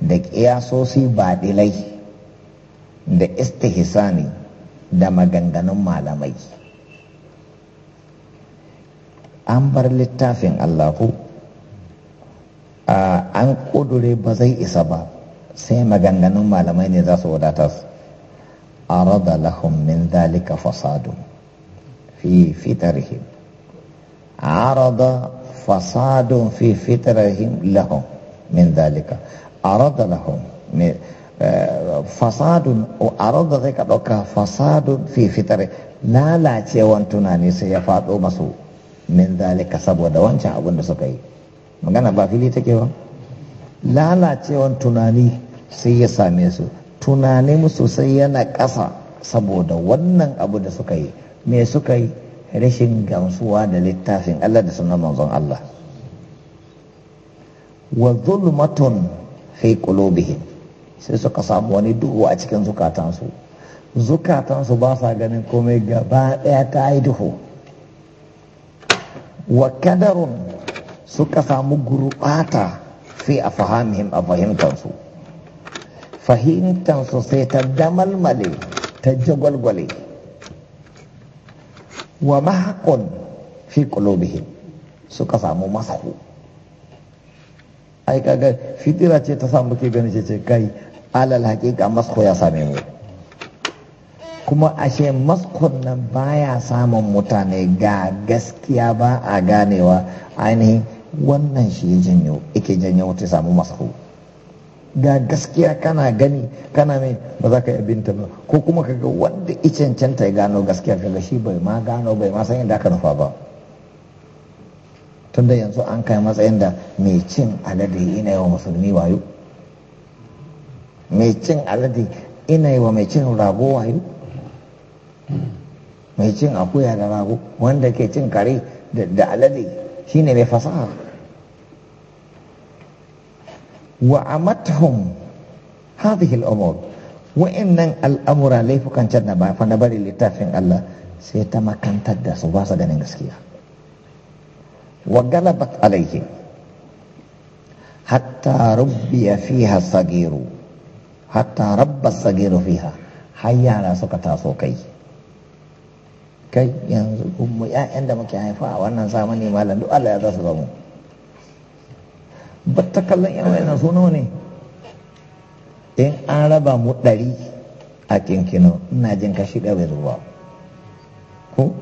da kiyasosi dilai da istihsani da maganganun malamai an bar littafin Allah ko an kudure ba zai isa ba sai maganganun malamai ne za su wadata su a rada lahum min dalika fasadu fi fitarhim a rada fasadun fi fitarhim lahum min dalika a rada lahum eh, fasadun a rada zai ka ɗauka fasadun fi fitarhim lalacewan tunani sai ya faɗo masu min zalika saboda wancan abin da suka yi magana ba fili take ba lalacewan tunani sai ya same su tunani musu sosai yana ƙasa saboda wannan abu da suka yi me suka yi rashin gamsuwa da littafin Allah da sunan manzon Allah wa zulmatun fi qulubihim sai suka samu wani duhu a cikin zukatansu zukatansu ba sa ganin komai gaba ɗaya ta yi duhu wa kadarun suka samu gurɓata fi a fahimhim a fahimtansu fahimtansu sai ta damalmale ta jagwalgwale wa mahakon fi kulobihim suka samu masahu ai kaga fitira ce ta samu ke gani ce kai alal hakika masahu ya same mu kuma ashe maskon nan baya samun mutane ga gaskiya ba a ganewa ainihin wannan shi janyo ike janyo wata samu masahu ga gaskiya kana gani kana mai ba za ka yi abinta ba ko kuma ka ga wanda icancanta ya gano gaskiya ka ga shi bai ma gano bai ma san yadda aka nufa ba tunda yanzu an kai matsayin da mai cin alade ina yi wa musulmi wayo mai cin alade ina yi wa mai cin rago wayo mai cin akuya da rago wanda ke cin kare da alade shine mai fasaha wa matahun hadhihi al wa'in wa'annan al'amura laifukan can na bafa na bari littafin Allah sai ta makantar da su ba su ganin gaskiya wa galabat alaihim hatta rubbiya fiha sagiru hatta rabba sagiru fiha har yara suka taso kai kai yanzu kuma yayan da muke haifa a wannan zamani malam duk Allah ya za su zama ba ta kallon ƴan wayan su nawa ne in an raba mu ɗari a kinkino ina jin kashi ɗaya bai zo ba ko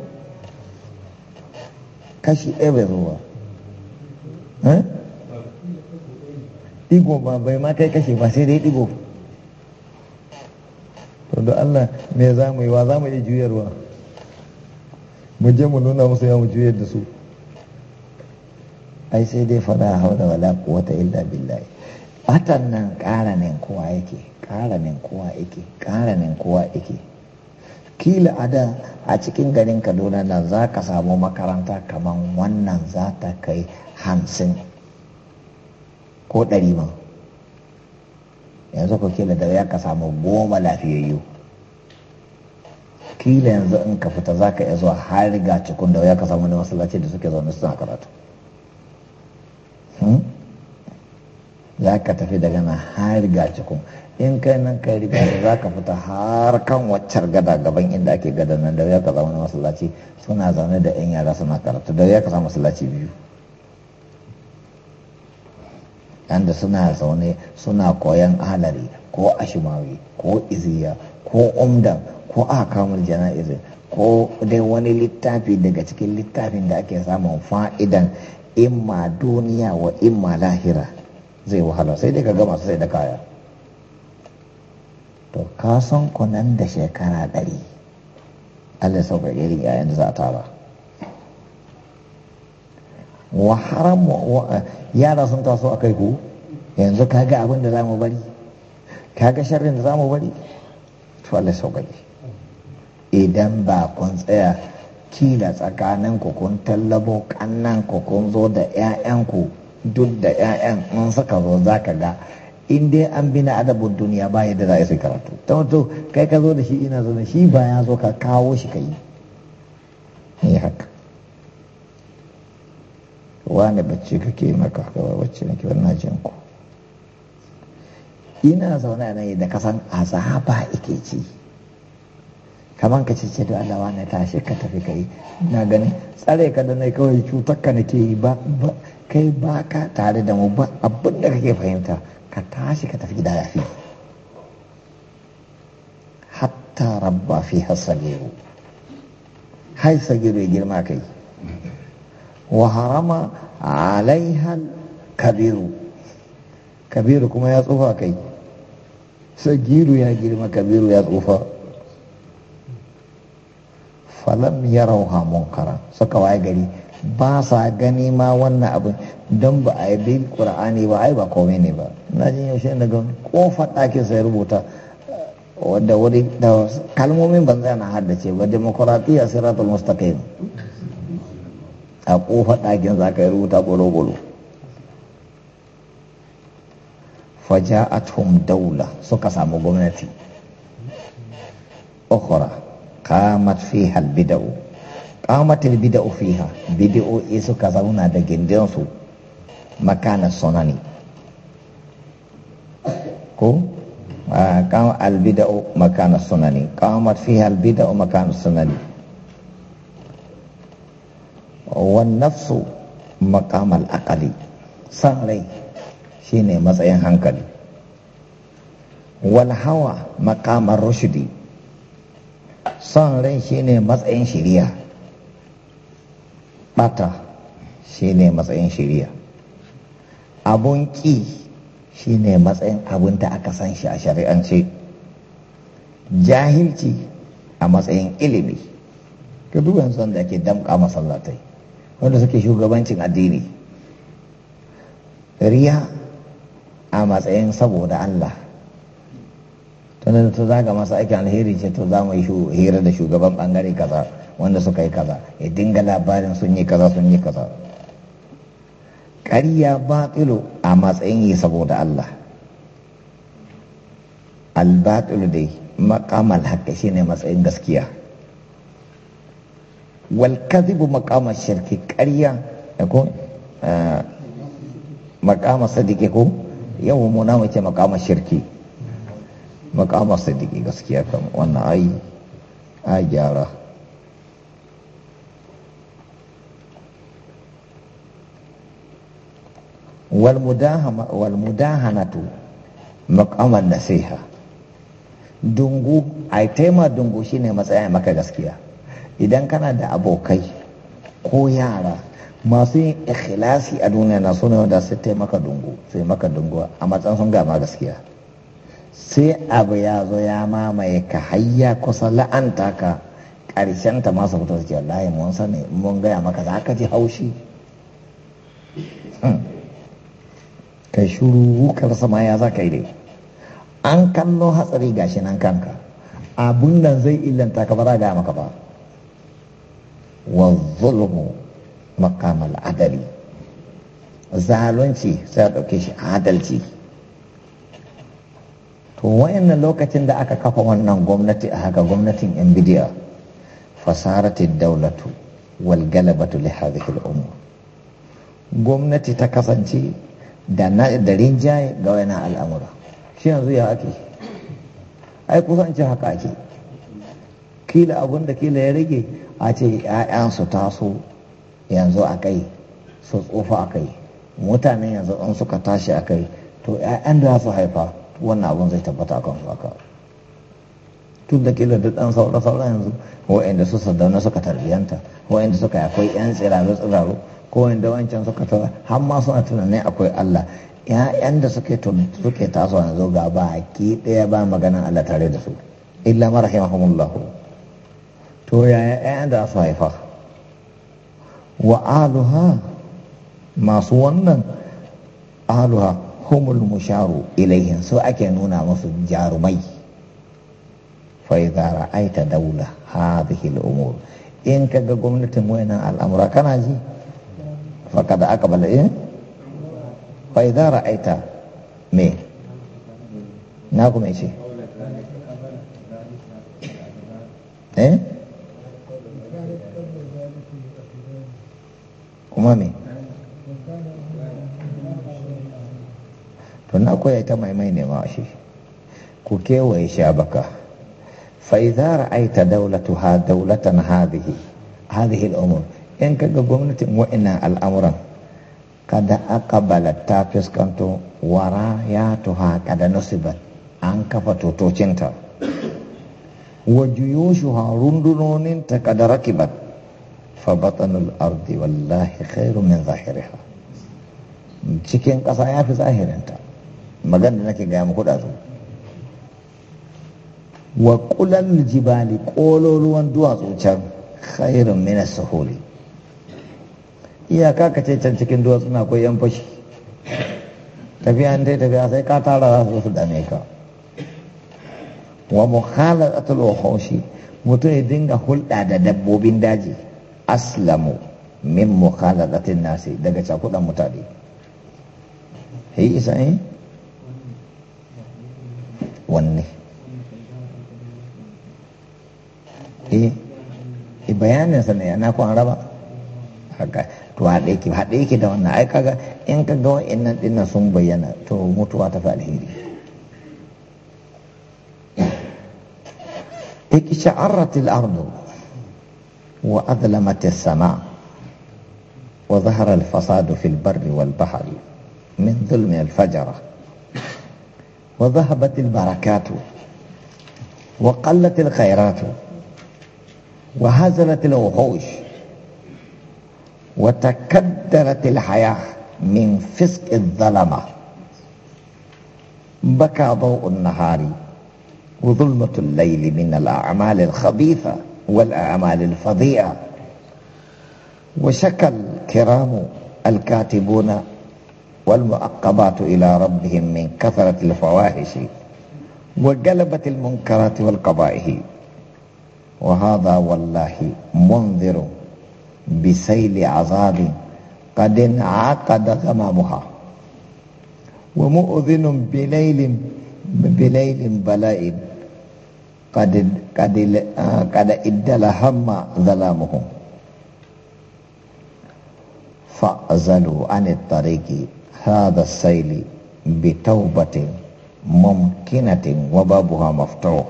kashi ɗaya bai zo ba eh? ɗigo ba bai ma kai kashi ba sai dai ɗigo to da Allah me za mu yi wa za mu yi juyarwa mu je mu nuna musu yawon juyar da su ai sai dai fada haula wala quwwata illa billahi atan nan karanin kowa yake karanin kowa yake karanin kowa yake kila ada a cikin garin kaduna nan za ka samu makaranta kamar wannan za ta kai hamsin ko ɗari ma yanzu ku kila da ya ka samu goma lafiyayyu kila yanzu in ka fita za ka iya zuwa har riga cikin da ya ka samu wani masallaci da suke zaune suna karatu hmm? za ka tafi daga na har riga cikin in kai nan kai riga za ka fita har kan waccar gada gaban inda ake gada nan da ya ka samu wani masallaci suna zaune da yan yara suna karatu da ya ka samu masallaci biyu yanda suna zaune suna koyan alari ko ashimawi ko iziya ko umdan ko a kamun jana'iza ko dai wani littafi daga cikin littafin da ake samun fa'idan imma duniya wa imma lahira zai wahala sai dai ka gama su sai da kaya to ka san ku nan da shekara ɗari allah sauka irin yayin da za a tara wa haramu yara sun taso a kai ku yanzu kaga abin da za mu bari kaga sharrin da za mu bari to allah sauka idan ba kun tsaya kila tsakanin ku kun tallabo kannan ku kun zo da 'ya'yanku duk da 'ya'yan in suka zo za ka ga in dai an bi na adabin duniya ba yadda za a yi karatu ta wato kai ka zo da shi ina zo da shi ba ya zo ka kawo shi ka yi haka wani bacci kake maka kawai wacce na ke wannan jin ku ina zaune nan da kasan azaba ike ci kamar ka ce da Allah wani shi ka tafi kai na gani tsare ka da nai kawai cutar ka nake yi ba kai ba ka tare da mu ba abin da kake fahimta ka tashi ka tafi gida ya fi hatta rabba fi hasagiru hai sagiru ya girma kai wa harama alaihan kabiru kabiru kuma ya tsufa kai sagiru ya girma kabiru ya tsufa falam yarauha munkara suka waye gari ba sa gani ma wannan abu don ba a yi bin ƙura'ani ba ai ba komai ne ba na jin yaushe ga kofar ɗakin sai rubuta eh, wadda wuri da kalmomin ban zai na haddace ba demokratiya siratul mustaqim a kofar ɗakin za ka yi rubuta golo-golo faja'athum daula suka samu gwamnati ukhra qamat fiha al-bid'u qamat al-bid'u fiha bid'o'i isu kazauna da gindinsu makana sonani, ko qamat al-bid'u makana sunani qamat fiha al makana sunani wan nafsu maqam al-aqli san rai shine matsayin hankali wal hawa maqam ar-rushdi son rai ne matsayin shiriya shi ne matsayin shiriya abun ƙi ne matsayin abun da aka san shi a shari'ance jahilci a matsayin ilimi ka duba yanzu da ake damƙa masallatai wanda suke shugabancin addini riya a matsayin saboda Allah kana da za ga masu aikin alheri ce to za mu yi hira da shugaban bangare kaza wanda suka yi kaza ya dinga labarin sun yi kaza sun yi kaza ƙarya batsilu a matsayin yi saboda Allah Albatul dai makamal haƙƙi shi ne matsayin gaskiya wal makamar shirki ƙarya ko eh, makamar sadiki ko yau mu na mace makamar shirki makamar sadiki gaskiya kan wannan ai a gyara walmudahanatu makamar nasiha dungu ai tema dungu shine matsayin maka gaskiya idan kana da abokai ko yara masu yin ikhlasi a duniya na suna wanda su taimaka dungu sai maka dungu a matsan sun gama gaskiya sai abu ya zo ya mamaye ka hayya kusa la'anta ka ƙarshen ta masu fito suke wallahi mun sani mun gaya maka za ka ji haushi hmm. ka shuru wukar sama ya za ka yi an kallo hatsari gashi nan kanka abun nan zai illanta ka ba za gaya maka ba wa zulmu makamal adali zalunci sai a ɗauke shi adalci to wayannan lokacin da aka kafa wannan gwamnati a haka gwamnatin yan bidiya fasaratin daulatu wal galabatu li hadhihi al umma gwamnati ta kasance da na da rinjaye ga wayana al'amura shi yanzu ya ake ai kusanci haka ake kila abun da kila ya rage a ce su taso yanzu a su tsufa a kai mutanen yanzu in suka tashi akai to 'ya'yan da su haifa wannan abun zai tabbata a kansu haka tun da kila da ɗan saura saura yanzu wa'anda su sadauna suka tarbiyanta inda suka akwai yan tsiraro tsiraro ko inda wancan suka tara har ma suna tunanin akwai Allah ƴaƴan da suke taso yanzu ga baki ɗaya ba maganan Allah tare da su illa ma rahimahumullah to yaya ƴaƴan da su haifa wa aluha masu wannan aluha humul musharu ilaihin so ake nuna musu jarumai fa idza ra'aita daula hadhihi al-umur in kaga gwamnatin wayannan al'amura kana ji eh? fa kada aka bala in fa idza ra'aita me na kuma ce eh kuma me to na koya ta maimai ne ma shi ku kewaye shabaka fa idza ra'aita ha daulatan hadhihi hadhihi al-umur in kaga gwamnatin wa'ina al'amuran kada aka ta fuskanto wara ya tuha kada nusibat an kafa totocinta wa rundunoninta kada rakibat fa batanul ardi wallahi khairu min zahiriha cikin ƙasa ya fi zahirinta magana nake gaya muku da su wa kulal jibali kololuwan duwatsu can khairun min as-suhuli iyaka kace can cikin duwatsu na akwai yan fashi tafiya ta yi tafiya sai ka tara za su ne ka wa mukhalatul haushi mutum ya dinga hulɗa da dabbobin daji aslamu min mukhalatatin nasi daga cakudan mutane hei isa ne eh? wanne eh, eh bayanin sa ne na kun raba haɗe da wannan ai kaga in kaga wa'annan dinnan sun bayyana to mutuwa ta fi alheri اقشعرت الأرض wa السماء وظهر الفساد في البر والبحر من ظلم الفجرة وذهبت البركات وقلت الخيرات وهزلت الوحوش وتكدرت الحياة من فسق الظلمة بكى ضوء النهار وظلمة الليل من الأعمال الخبيثة والأعمال الفظيعة وشكى الكرام الكاتبون والمعقبات إلى ربهم من كثرة الفواحش وقلبة المنكرات والقبائح وهذا والله منذر بسيل عذاب قد انعقد غمامها ومؤذن بليل بليل بلاء قد قد قد ادى لهم ظلامهم فأزلوا عن الطريق هذا السيل بتوبة ممكنة وبابها مفتوح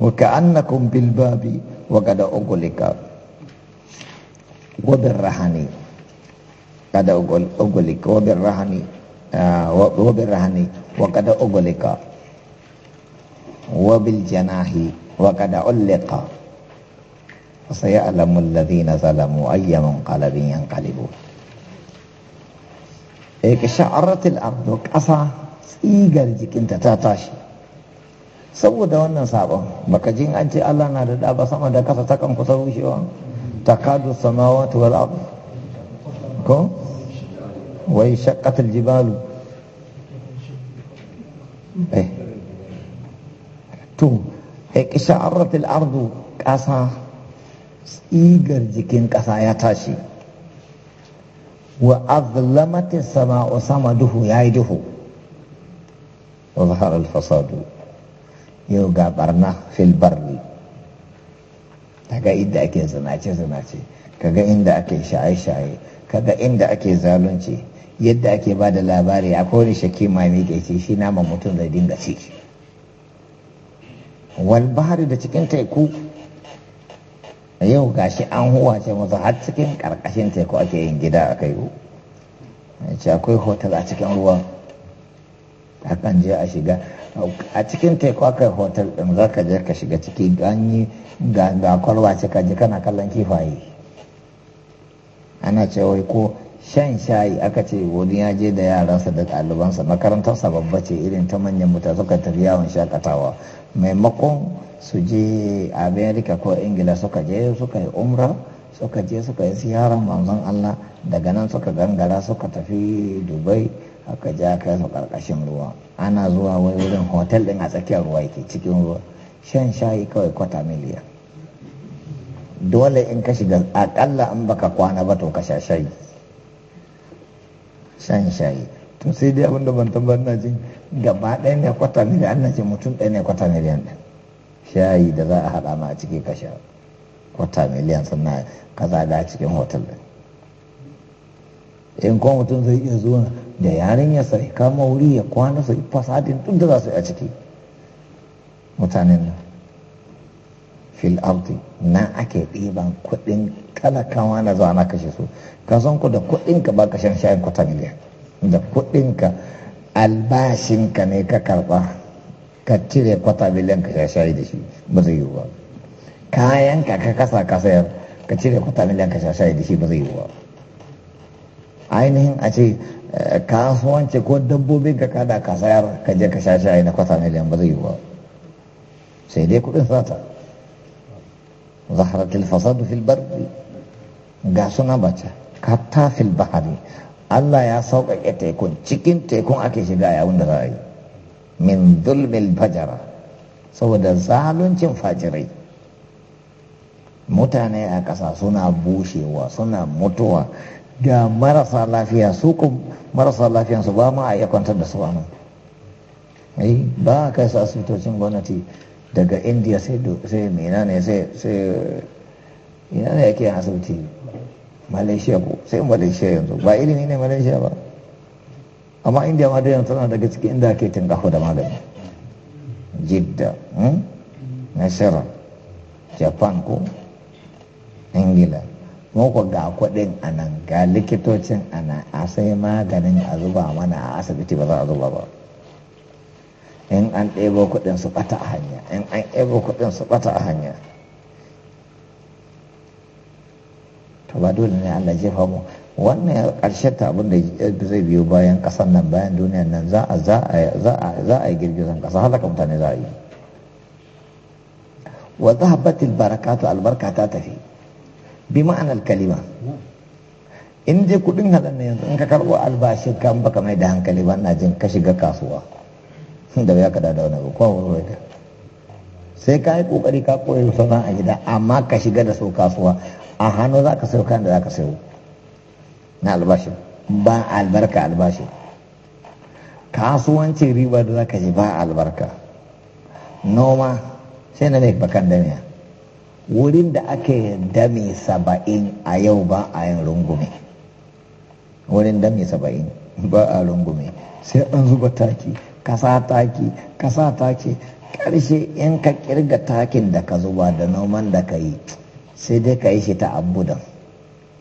وكأنكم بالباب وقد أغلق وبالرهن قد أغلق وبالرهن آه، وبالرهن وقد أغلق وبالجناح وقد علق وسيعلم الذين ظلموا أي منقلب ينقلبون sha'aratul ardu ƙasa tsigar jikinta ta tashi saboda wannan sabon baka jin an ce Allah na da daba sama da ƙasa ta kan kusa rushewa ta kadu samawati wal ardu ko wai shaqqatul jibalu eh to sha'aratul ardu ƙasa tsigar jikin ƙasa ya tashi wa azlamati sama'u sama duhu yayi duhu wa zahara al-fasadu yau ga barna fil barri kaga inda ake zinace zinace kaga inda ake shaye shaye kaga inda ake zalunci yadda ake ba da labari a kowane shakki ma ke ce shi nama mutum zai dinga ci wal bahari da cikin taiku. yau gashi an huwa ce musu har cikin karkashin teku ake yin gida a kai ce akwai hotel a cikin ruwa. akan je a shiga a cikin teku aka yi hotel ɗin za ka je ka shiga ciki ganyi ga kwalwa ce ka je kana kallon kifaye ana ce wai ko shan shayi aka ce wani ya je da yaransa da ɗalibansa makarantarsa babba ce irin ta manyan mutane suka tafi yawon shakatawa maimakon su je america ko ingila suka je suka yi umra suka je suka yi siyarar manzon allah daga nan suka gangara suka tafi dubai aka ja kai su karkashin ruwa ana zuwa wai wurin hotel din a tsakiyar ruwa yake cikin ruwa shan shayi kawai kwata miliyan dole in ka shiga akalla in baka kwana ba to ka sha shayi shan shayi to sai dai abinda ban tabbatar na jin gaba ɗaya ne kwata miliyan na ce mutum ɗaya ne kwata miliyan ɗin shayi da za a haɗa ma a ciki ka kwata miliyan sannan kaza da a cikin hotel ɗin in kuma mutum zai iya zuwa da yarinya sai kama wuri ya kwana su fasadin duk da za su yi a ciki mutanen nan fil ardi na ake ɗiban kuɗin talakawa na zuwa na kashe su ka zan ku da kuɗin ka ba kashen shayin kwata miliyan da kuɗin ka albashin ka ne ka karɓa ka cire kwata miliyan ka shayi da shi ba zai yiwu ba kayan ka ka kasa ka sayar ka cire kwata miliyan ka shayi da shi ba zai yiwu ba ainihin a ce eh, kasuwanci ko dabbobin ka kada ka sayar ka je ka shayi na kwata miliyan ba zai yiwu ba sai dai kuɗin sata ظهرت الفساد barbi. البر غاسنا بچا حتى في البحر Allah ya sauƙaƙe tekun cikin tekun ake shiga yawon da za min zulmil fajara saboda zaluncin fajirai mutane a ƙasa suna bushewa suna mutuwa ga marasa lafiya su ku marasa lafiyansu ba ma a iya kwantar da su a nan eh, ba kai su asibitocin gwamnati daga india sai mina ne sai ina ne yake asibiti malaysia ko sai malaysia yanzu ba ilimi ne malaysia ba amma indiya ma da yanzu daga cikin inda ake tinkafa da magani jidda hmm? nasara japan ko ingila mako ga kwadin a nan ga likitocin ana a sai maganin a zuba mana a asibiti ba za a zuba ba in an ɗebo kuɗin su ɓata a hanya in an ɗebo kuɗin su ɓata a hanya to ba dole ne Allah jefa mu wannan ƙarshen ta abin da zai biyo bayan ƙasar nan bayan duniyar nan za a za a za a za a girgizan ƙasa halaka mutane za a yi wa zahabatil barakatu albarka ta tafi bi ma'anar kalima in je kuɗin halan ne yanzu in ka karɓo albashin kan baka mai da hankali ba na jin ka shiga kasuwa da ya kada da wani abu ko wani da sai ka yi kokari ka koyi sauran a gida amma ka shiga da sau kasuwa a hannu za ka sayo kan da za ka sayo na albashi ba albarka albashi kasuwanci riba da za ka ji ba albarka noma sai na mai bakan damiya wurin da ake dami saba'in a yau ba a yin rungume wurin dami saba'in ba a rungume sai an zuba taki ka sa taki ka taki ƙarshe in ka ƙirga takin da ka zuba da noman da ka yi sai dai ka yi shi ta abudan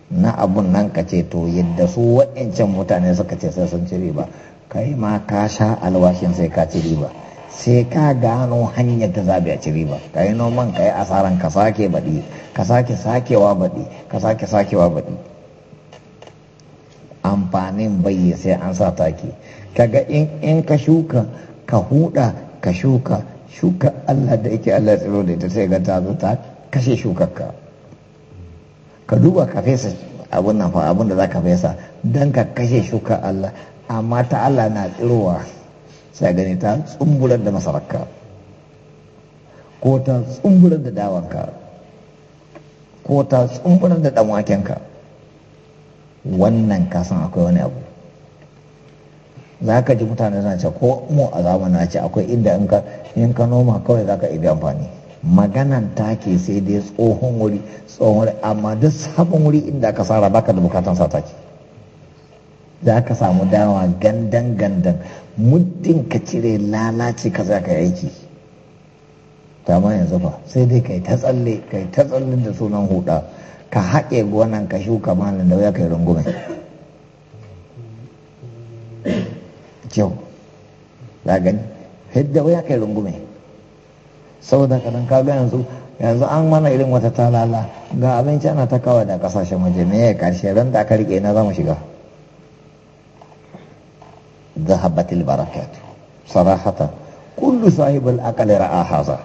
na abun nan ka ce to yadda su waɗancan mutane suka ce sai sun ci riba yi ma ka sha alwashin sai ka ci riba sai ka gano hanyar da zabi a ci riba ka yi noman ka yi asaran ka sake baɗi ka sake sakewa baɗi ka sake sakewa baɗi amfanin bayyana sai an sa taki kaga in in ka shuka ka huda ka shuka shuka Allah da yake Allah tsiro da ita sai ga ta zo ta kashe shukarka ka duba ka fesa abun nan fa abun da za ka fesa don ka kashe shuka Allah amma ta Allah na tsirowa sai gani ta tsumbular da masararka ko ta tsumbular da dawanka ko ta tsumbular da ɗanwakenka wannan kasan akwai wani abu za ka ji mutane zan ce ko mu a zamana ce akwai inda in ka noma kawai za ka iya amfani maganan take sai dai tsohon wuri tsohon wuri amma duk sabon wuri inda ka sara baka da bukatan sa take za ka samu dawa gandan gandan muddin ka cire lalace ka za ka aiki dama yanzu fa sai dai kai ta tsalle kai ta tsalle da sunan huda ka haƙe gonan ka shuka malin da wuya kai rungume kyau ya gani hidda ya kai rungume saboda kanan kaga yanzu yanzu an mana irin wata talala ga abinci ana ta kawai da kasashen waje me ya karshe ran da aka rike na zamu shiga ذهبت البركات صراحة كل صاحب الأقل رأى هذا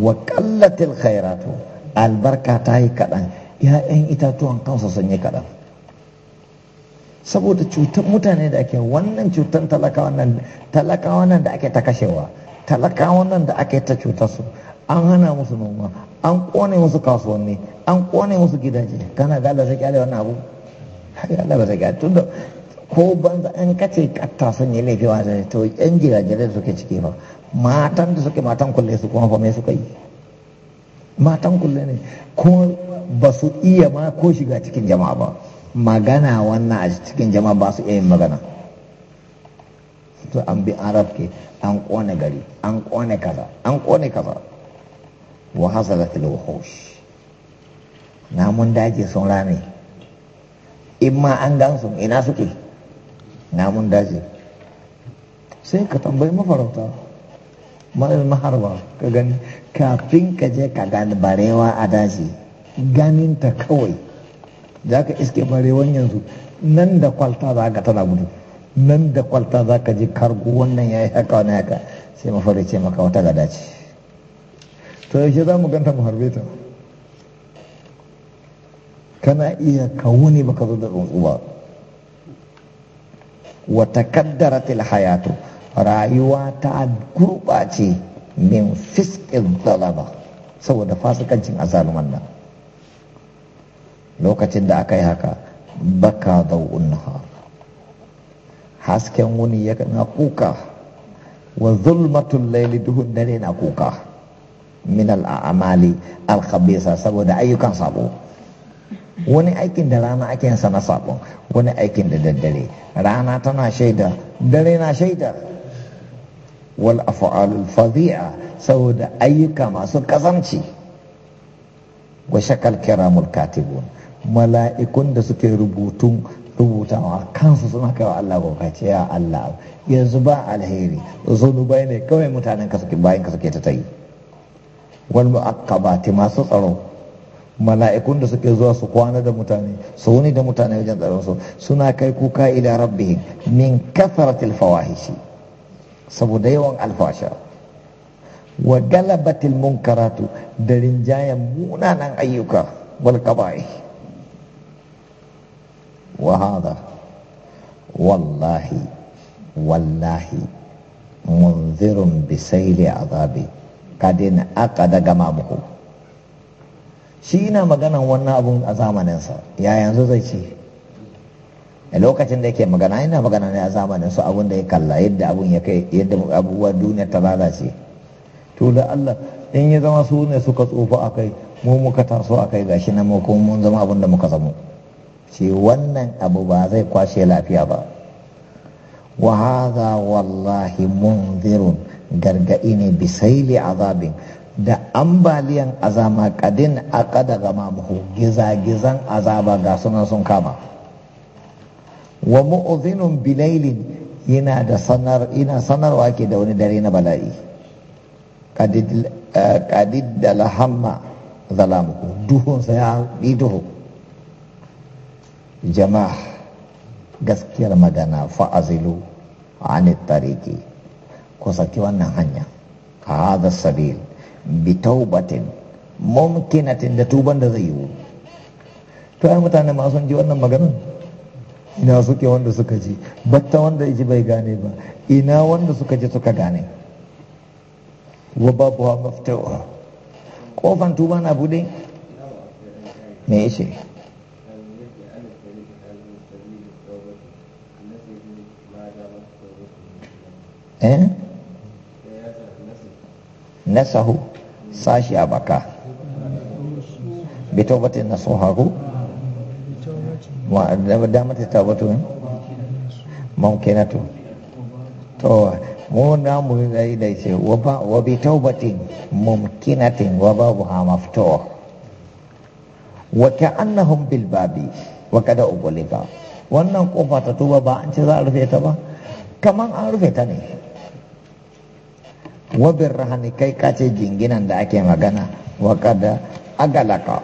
وقلت الخيرات البركة تاي كدن يا إن إتاتو أن قوصة سنة كدن saboda cutar mutane da ake wannan cutar talakawa nan talakawa nan da ake ta kashewa talakawa nan da ake ta cutar su an hana musu noma an kone musu kasuwanni an kone musu gidaje kana ga Allah zai wannan abu har Allah ba zai tunda ko banza an kace katta sun yi laifi wa da to yan jira da suke ciki ba, matan da suke matan kulle su kuma fa me suka yi matan kulle ne ko ba su iya ma ko shiga cikin jama'a ba magana wannan a cikin jama'a ba su iya yin magana to an bi arab ke an kone gari an kone kaza an kone kaza wa hasalat al-wuhush namun daji sun rame in ma an gansu ina suke namun daji sai ka tambayi mafarauta marar maharba ka gani kafin ka je ka gani barewa a daji ta kawai za ka iske barewan yanzu nan da kwalta za ka tana gudu nan da kwalta za ka ji kargo wannan ya yi haka wani haka sai mafari ce maka wata gada ce to yaushe za mu ganta mu harbe ta kana iya ka wuni baka zo da tsuntsu ba wa takaddaratil hayatu rayuwa ta gurɓace min fiskin zalaba saboda fasikancin azaluman nan lokacin da aka yi haka baka dau'un nahar hasken wuni ya na kuka wa zulmatun laili duhun dare na kuka min al'amali al saboda ayyukan sabo wani aikin da rana ake yin na sabon wani aikin da daddare rana tana shaida dare na shaida wal af'alul fadhi'a saboda ayyuka masu kazanci wa shakal kiramul katibun mala'ikun da suke rubutun rubutawa kansu suna kaiwa wa Allah ce ya Allah yanzu ba alheri bai ne kawai mutanen ka suke bayan ka suke ta tayi wal mu'aqqabati masu tsaro mala'ikun da suke zuwa su kwana da mutane su wuni da mutane wajen tsaron su suna kai kuka ila rabbihim min kasratil fawahishi saboda yawan alfasha wa galabatil munkaratu da rinjayen munanan ayyuka wal qaba'i وهذا والله والله منذر بسيل عذابي قد أقد جمامه shi ina maganan wannan abun a zamaninsa ya yanzu zai lokacin da yake magana yana magana ne a su abun da ya kalla yadda abun ya kai yadda abubuwa duniya ta lalace to da Allah in ya zama su ne suka tsofa a kai mu muka taso a kai gashi na mu kuma mun zama abun da muka zamo ce wannan abu ba zai kwashe lafiya ba wa wallahi munzirun gargaɗi ne bisaili azabin da ambaliyan azama kadin aqada gamamuhu gizagizan azaba ga sunan sun kama wa mu'dhinun bilailin yana da sanar ina sanarwa ke da wani dare na bala'i kadid eh, da lahamma zalamuku duhunsa ya ɗi duhu jama'a gaskiyar magana fa'azilu anit tariki ku saki wannan hanya a hada sabil bi taubatin mumkinatin da tuban da zai yiwu to ai mutane ma sun ji wannan maganar ina suke wanda suka ji batta wanda ya ji bai gane ba ina wanda suka ji suka gane wa babuwa ha kofan tuba na bude me yace eh nasahu sashi a baka bitobatin nasuha ko damar ta tabbatu eh? mumkinatu to mu na mu dai dai ce wa ba wa bitaubatin mumkinatin wa babu hamaftowa. maftuh annahun ka'annahum wa kada ubulika wannan kofa ta tuba ba an ce za a rufe ta ba kaman an rufe ta ne wabin rahani kai kace jinginan da ake magana wa kada agalaka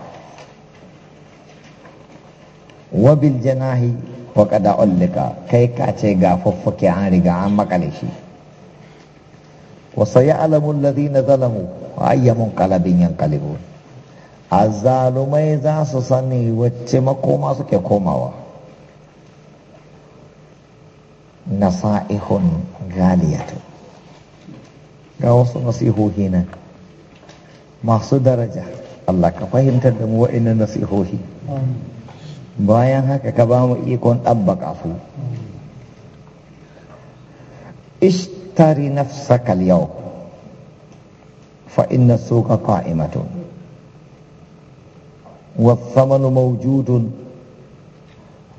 wabil janahi wa kada ullika kai kace ga fuffuke an riga an makale shi wa sayalamu alladhina zalamu ayyamun qalbin a azalumai za su sani wacce makoma suke komawa nasa'ihun galiyatu ga wasu nasihohi nan masu daraja Allah ka fahimtar da mu wa'annan nasihohi bayan haka ka ba mu ikon ɗabbaka su ishtari nafsaka yau fa inna suka qa'imatun والثمن موجود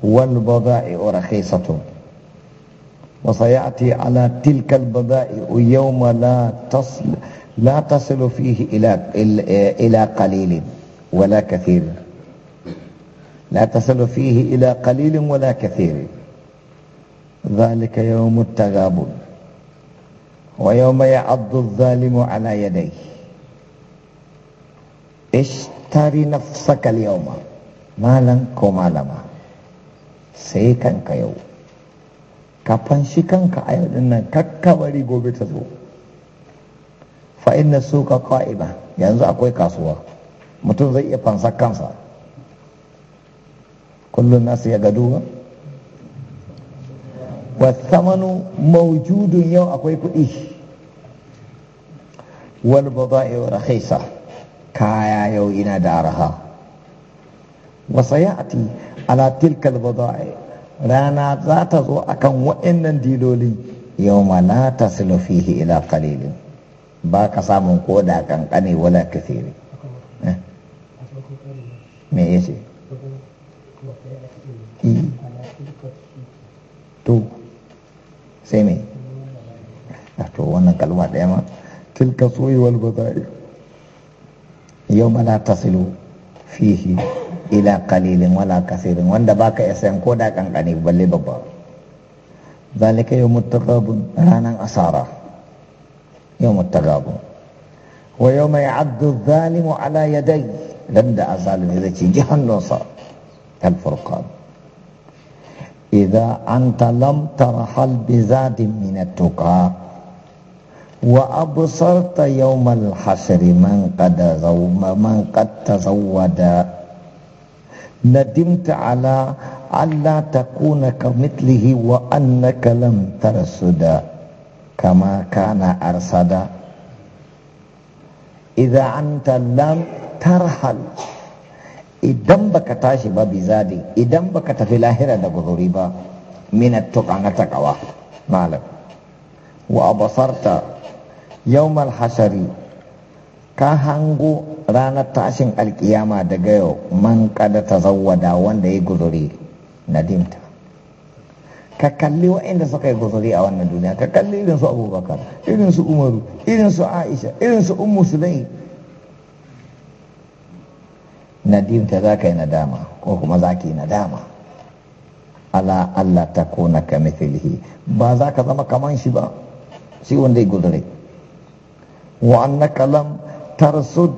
والبضائع رخيصه وسيأتي على تلك البضائع يوم لا تصل لا تصل فيه إلى إلى قليل ولا كثير لا تصل فيه إلى قليل ولا كثير ذلك يوم التغابن ويوم يعض الظالم على يديه اشتري نفسك اليوم مالا كمالما سيكا كيوم ka fanshi kanka a yau nan kakkabari gobe ta zo fa’in inna suka qa'ima yanzu akwai kasuwa mutum zai iya fansa kansa Kullum nasu ya gado wa thamanu yau akwai kuɗi wal yau rahisa kaya yau ina da araha ya ati ala tilkal baba rana za ta zo a kan waɗannan diloli yau ma la ta fihi ila kalilin ba ka samun koda kankane wala kathiri eh. me ce to sai me ah, to wannan kalma ɗaya ma tilka soyi wal bazari yau ma la ta fihi ila qalilin wala kasirin wanda baka isan ko da kankani balle babba zalika yawmut taghabun ranan asara yawmut taghabun wa yawma ya'addu adh-dhalimu ala yaday landa azalimi zai ci jahannam sa al-furqan idza anta lam tarhal bi zadin min at-tuqa wa absarta yawmal hasri man qad zawma man qad tazawwada ندمت على ألا تكون كمثله وأنك لم ترصد كما كان أرصد إذا أنت لم ترحل idan baka tashi ba bizadi idan baka tafi lahira da guzuri ba minat tuqa na malam wa abasarta yawmal hasari ka hango ranar tashin alkiyama daga yau man kada ta zawada wanda ya guzuri nadimta ka kalli waɗanda suka yi guzuri a wannan duniya ka kalli irin abubakar irin umaru irin aisha irin su ummu na nadimta za ka yi nadama ko kuma za ka yi nadama ala Allah ta kona ka mithilihi ba za ka zama kaman shi ba shi wanda ya guzuri wa annaka lam tarsud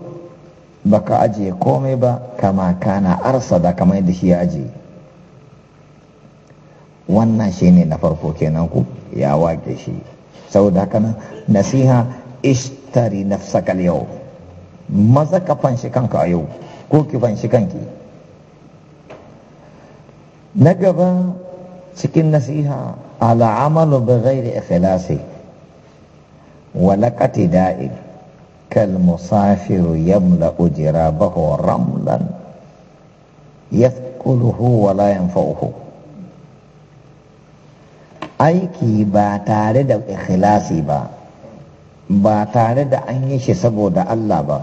baka ajiye komai ba kama kana da kamar yadda shi ya ajiye wannan shi ne na farko kenan ku ya wake shi saboda haka nan nasiha ishtari nafsaka yau maza ka fanshi kanka a yau ko ki fanshi kanki na gaba cikin nasiha al'amalu bi ghairi ikhlasi wa laqati da'i كالمسافر يملأ ramlan yaskuluhu wa la yanfa'uhu aiki ba tare da ikhlasi ba ba tare da an yi shi saboda Allah ba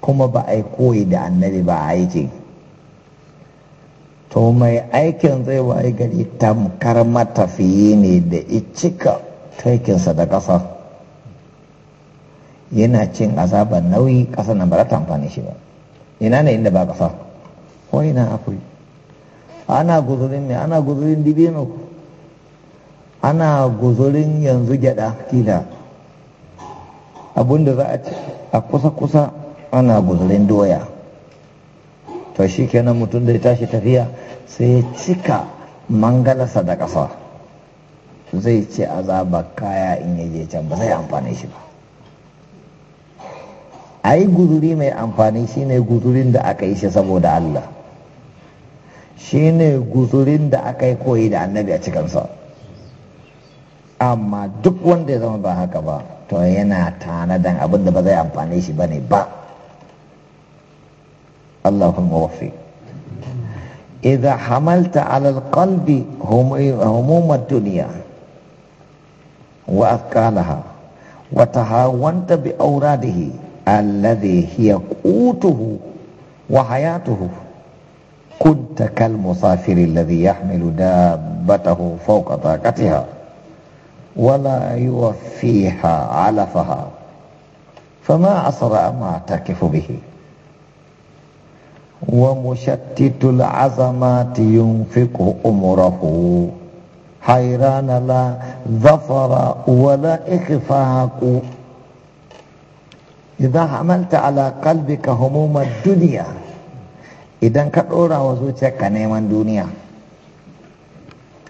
kuma ba a koyi da annabi ba ce, to mai aikin zai wayi gari tamkar matafiye ne da icika taikinsa da ƙasa yana cin azabar nauyi ƙasar nan ba za ta amfani shi ba ina ne inda ba ƙasa ko ina akwai ana guzurin ne ana guzurin dibino ana guzurin yanzu gyada kila abinda za a ci a kusa-kusa ana guzurin doya to shi kenan mutum da ya tashi tafiya sai ya cika mangalarsa da ƙasa zai ce azabar kaya in yaje can ba zai amfani shi ba a yi guzuri mai amfani shine guzurin da aka yi shi saboda Allah shine guzurin da aka yi koyi da annabi a cikinsa amma duk wanda ya zama ba haka ba to yana tanadan abin da ba zai amfani shi ba ne ba wafi idza hamalta ala alqalbi humumat dunya wa athqalaha wa tahawanta bi awradihi الذي هي قوته وحياته كنت كالمسافر الذي يحمل دابته فوق طاقتها ولا يوفيها علفها فما أسرع ما اعتكف به ومشتت العظمات ينفق أمره حيران لا ظفر ولا إخفاق idan hamalta ala qalbika humumar duniya idan ka ɗora wa zuciyarka neman duniya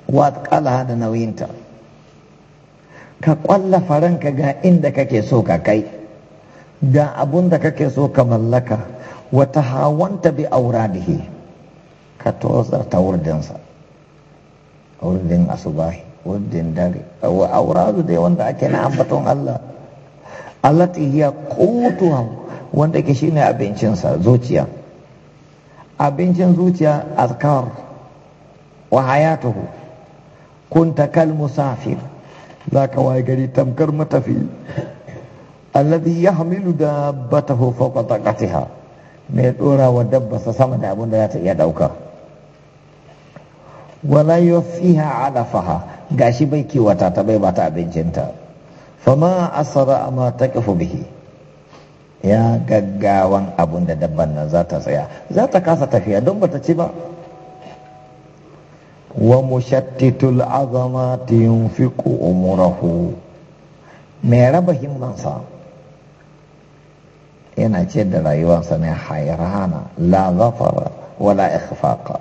wa ƙalaha da nauyinta ka ƙwalla faranka ga inda kake so ka kai ga abun da kake so ka mallaka wata hawanta bi auradihi ka tozarta wurdinsa wurdin asubahi wurdin dare auradu dai wanda ake na ambaton Allah allati hiya wanda ke shine abincinsa zuciya abincin zuciya azkar wa hayatuhu kunta kal musafir zaka waye gari tamkar matafi alladhi yahmilu dabbatahu fawqa taqatiha Me dora wa sa sama da abin da za ta iya dauka wala yufiha alafaha gashi bai kiwata ta bai bata abincinta fama asara ma taqafu bihi ya gaggawan abun da dabban nan za ta tsaya za ta kasa tafiya don bata ci ba wa mushattitul azamati yunfiqu umurahu. mai raba himmansa yana ce da rayuwarsa ne hairana, la zafara wala ikhfaqa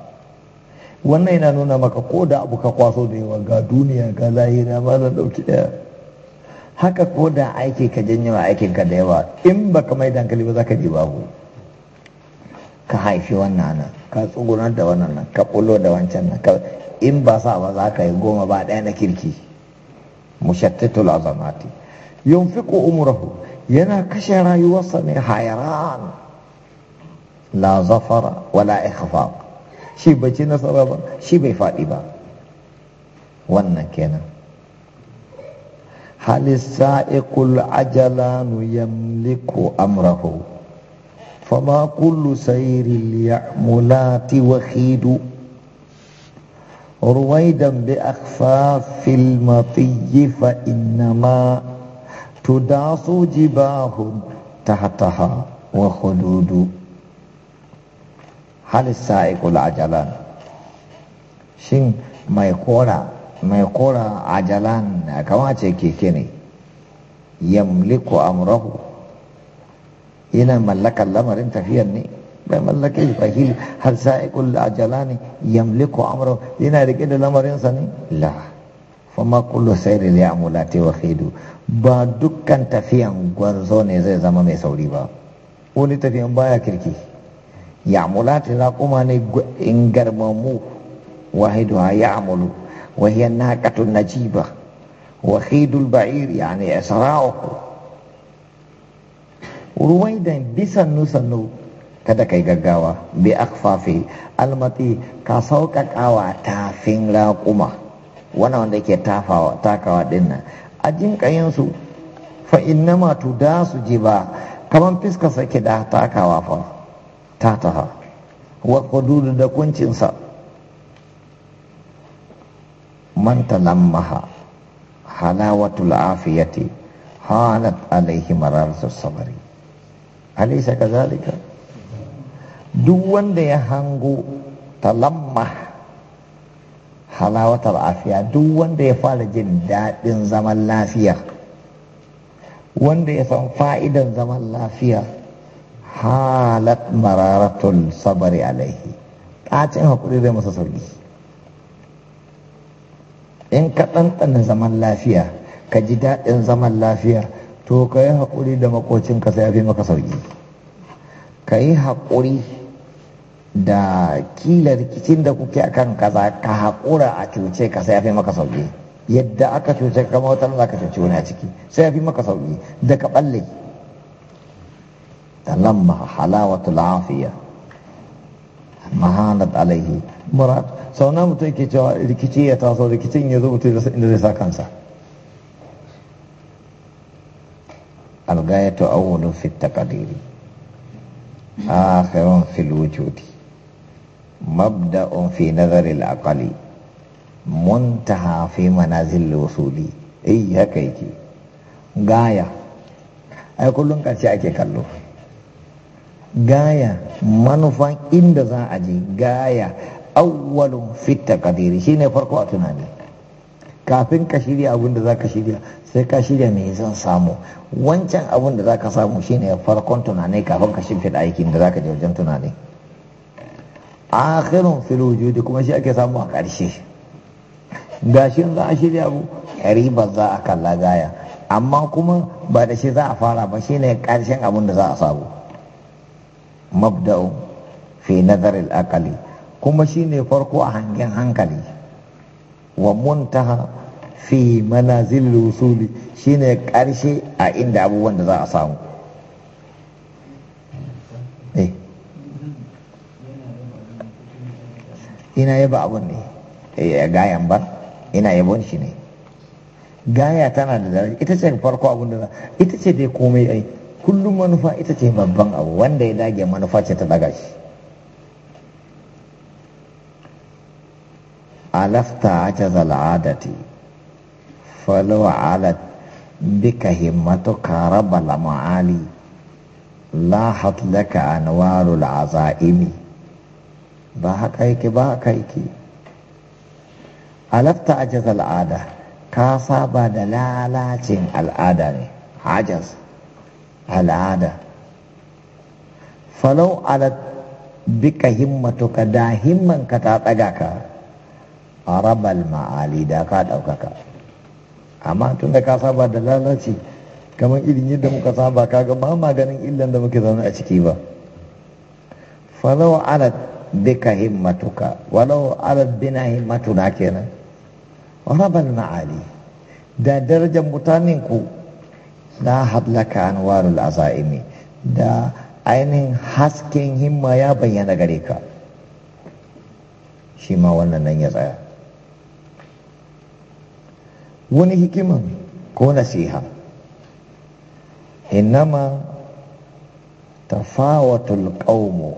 wannan yana nuna maka ko da abu ka kwaso da yawa ga duniya ga lahira ba da dauki daya haka ko da aiki ka wa aikin ka da yawa in ba ka mai dankali ba za ka ji babu ka haifi wannan nan ka tsugunar da wannan nan ka kulo da wancan nan in ba sa ba za ka yi goma ba ɗaya na kirki mushattatul azamati yunfiqu umrahu yana kashe rayuwarsa ne hayran la zafara wala ikhfaq shi bai ci nasara ba shi bai faɗi ba wannan kenan هل السائق العجلان يملك أمره فما كل سير اليعملات وخيد رويدا بأخفاف المطي فإنما تداس جباه تحتها وخدود هل السائق العجلان شن ما يقول mai kora ajalan kama ce keke ne yamliku amrahu yana mallakar lamarin tafiyar ne bai mallake shi fahil har sa'iqul ajalani yamliku amrahu yana rike da lamarinsa ne la sai kullu sayri li amulati wa khidu ba dukkan tafiyan gwarzo ne zai zama mai sauri ba wani tafiyan baya kirki ya amulati na kuma ne in garmamu wahidu ya amulu وهي الناقة النجيبة وخيد البعير يعني إسراعه رويدا بسنو سنو kada kai gaggawa bi akfafi almati ka sauƙaƙawa tafin raƙuma wannan wanda yake tafawa takawa din nan a jin kayansu fa innama tudasu jiba kaman fiskar sake da takawa fa tataha wa kududu da kuncinsa man tanammaha halawatul afiyati halat alaihi mararatus sabari alaysa kadhalika duk wanda ya hango talammah halawatul afiya duk wanda ya fara jin dadin zaman lafiya wanda ya san fa'idan zaman lafiya halat mararatul sabari alaihi ɗacin haƙuri zai masa sauki in ka ɗanɗana zaman lafiya ka ji daɗin zaman lafiya to ka yi haƙuri da ka sai ya fi maka sauƙi ka yi haƙuri da kila rikicin da kuke a kan kaza ka haƙura a cuce ka sai ya fi maka sauƙi yadda aka cuce kama wata za ka cuce wani a ciki sai ya fi maka sauƙi da ka ɓalle lamma halawatul afiya mahanat alaihi murad sau na mutum ke cewa rikici ya taso rikicin ya zo mutum inda zai sa kansa algayatu awwalun fi taqdiri akhirun fil Mabda mabda'un fi nazari al-aqali muntaha fi manazil wusuli eh haka yake gaya ai ce kace ake kallo gaya manufan inda za a je gaya awwalun fit taqdiri shine farko a tunani kafin ka shirya abin da zaka shirya sai ka shirya me zan samu wancan abin da zaka samu shine farkon tunani kafin ka da aikin da zaka je wajen tunani akhirun fil wujudi kuma shi ake samu a ƙarshe gashi za a shirya abu ba za a kalla gaya amma kuma ba da shi za a fara ba shine karshen abin da za a samu mabda'u fi al aqali kuma shi ne farko a hangen hankali wa muntaha fi manazil wusuli ne karshe a inda abubuwan da za a samu eh. ina yaba abun ne eh, ya gayan ba ina yabon shi ne gaya tana da daraja ita ce farko abun da ita ce dai komai ai kullum manufa ita ce babban abu wanda ya dage manufa ce ta daga shi علفت عجز العادة فلو علت بك همتك رب المعالي لاحت لك أنوار العزائم باهك أيك باهك أيك علفت عجز العادة كافا بعد لالات العادة عجز al'ada falau alat bika himmatuka da himmanka ta tsaga ka harabal ma'ali da ka ɗaukaka amma tun da ka saba da lalaci kamar irin da muka saba kaga ba ma ganin illan da muke zaune a ciki ba falau ala bika himmatuka walau ala bina himmatuna kenan harabal ma'ali da darajar mutanen ku la hablaka anwarul azaimi da ainihin hasken himma ya bayyana gare ka shi ma wannan nan ya tsaya wani hikiman ko nasiha inama tafawatul qaumu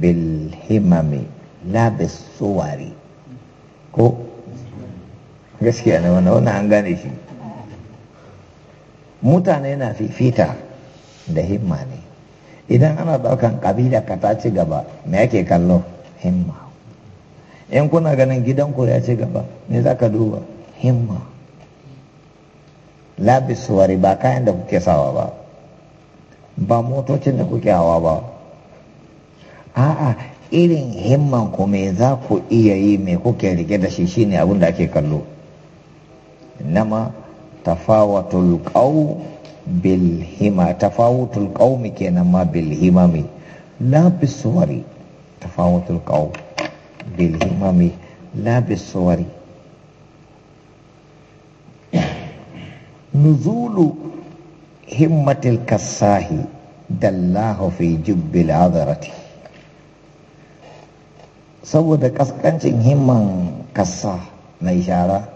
bil himami la bis suwari ko gaskiya ne wannan wannan an gane shi mutane na fifita da himma ne idan ana daukan ƙabila ka ta ci gaba me yake kallo himma in kuna ganin gidanku ya ci gaba ne za ka duba himma labis suwari ba kayan da kuke sawa ba ba motocin da kuke hawa ba a'a irin himman ku me za ku iya yi me kuke rike da shi shine abin da ake kallo nama tafawatul qaw bil hima kenan ma bil himami labis suwari tafawutul qaw bil himami labis nuzulu himmatil kassahi dallahu fi jubbil adarati saboda kaskancin himman kassa mai shara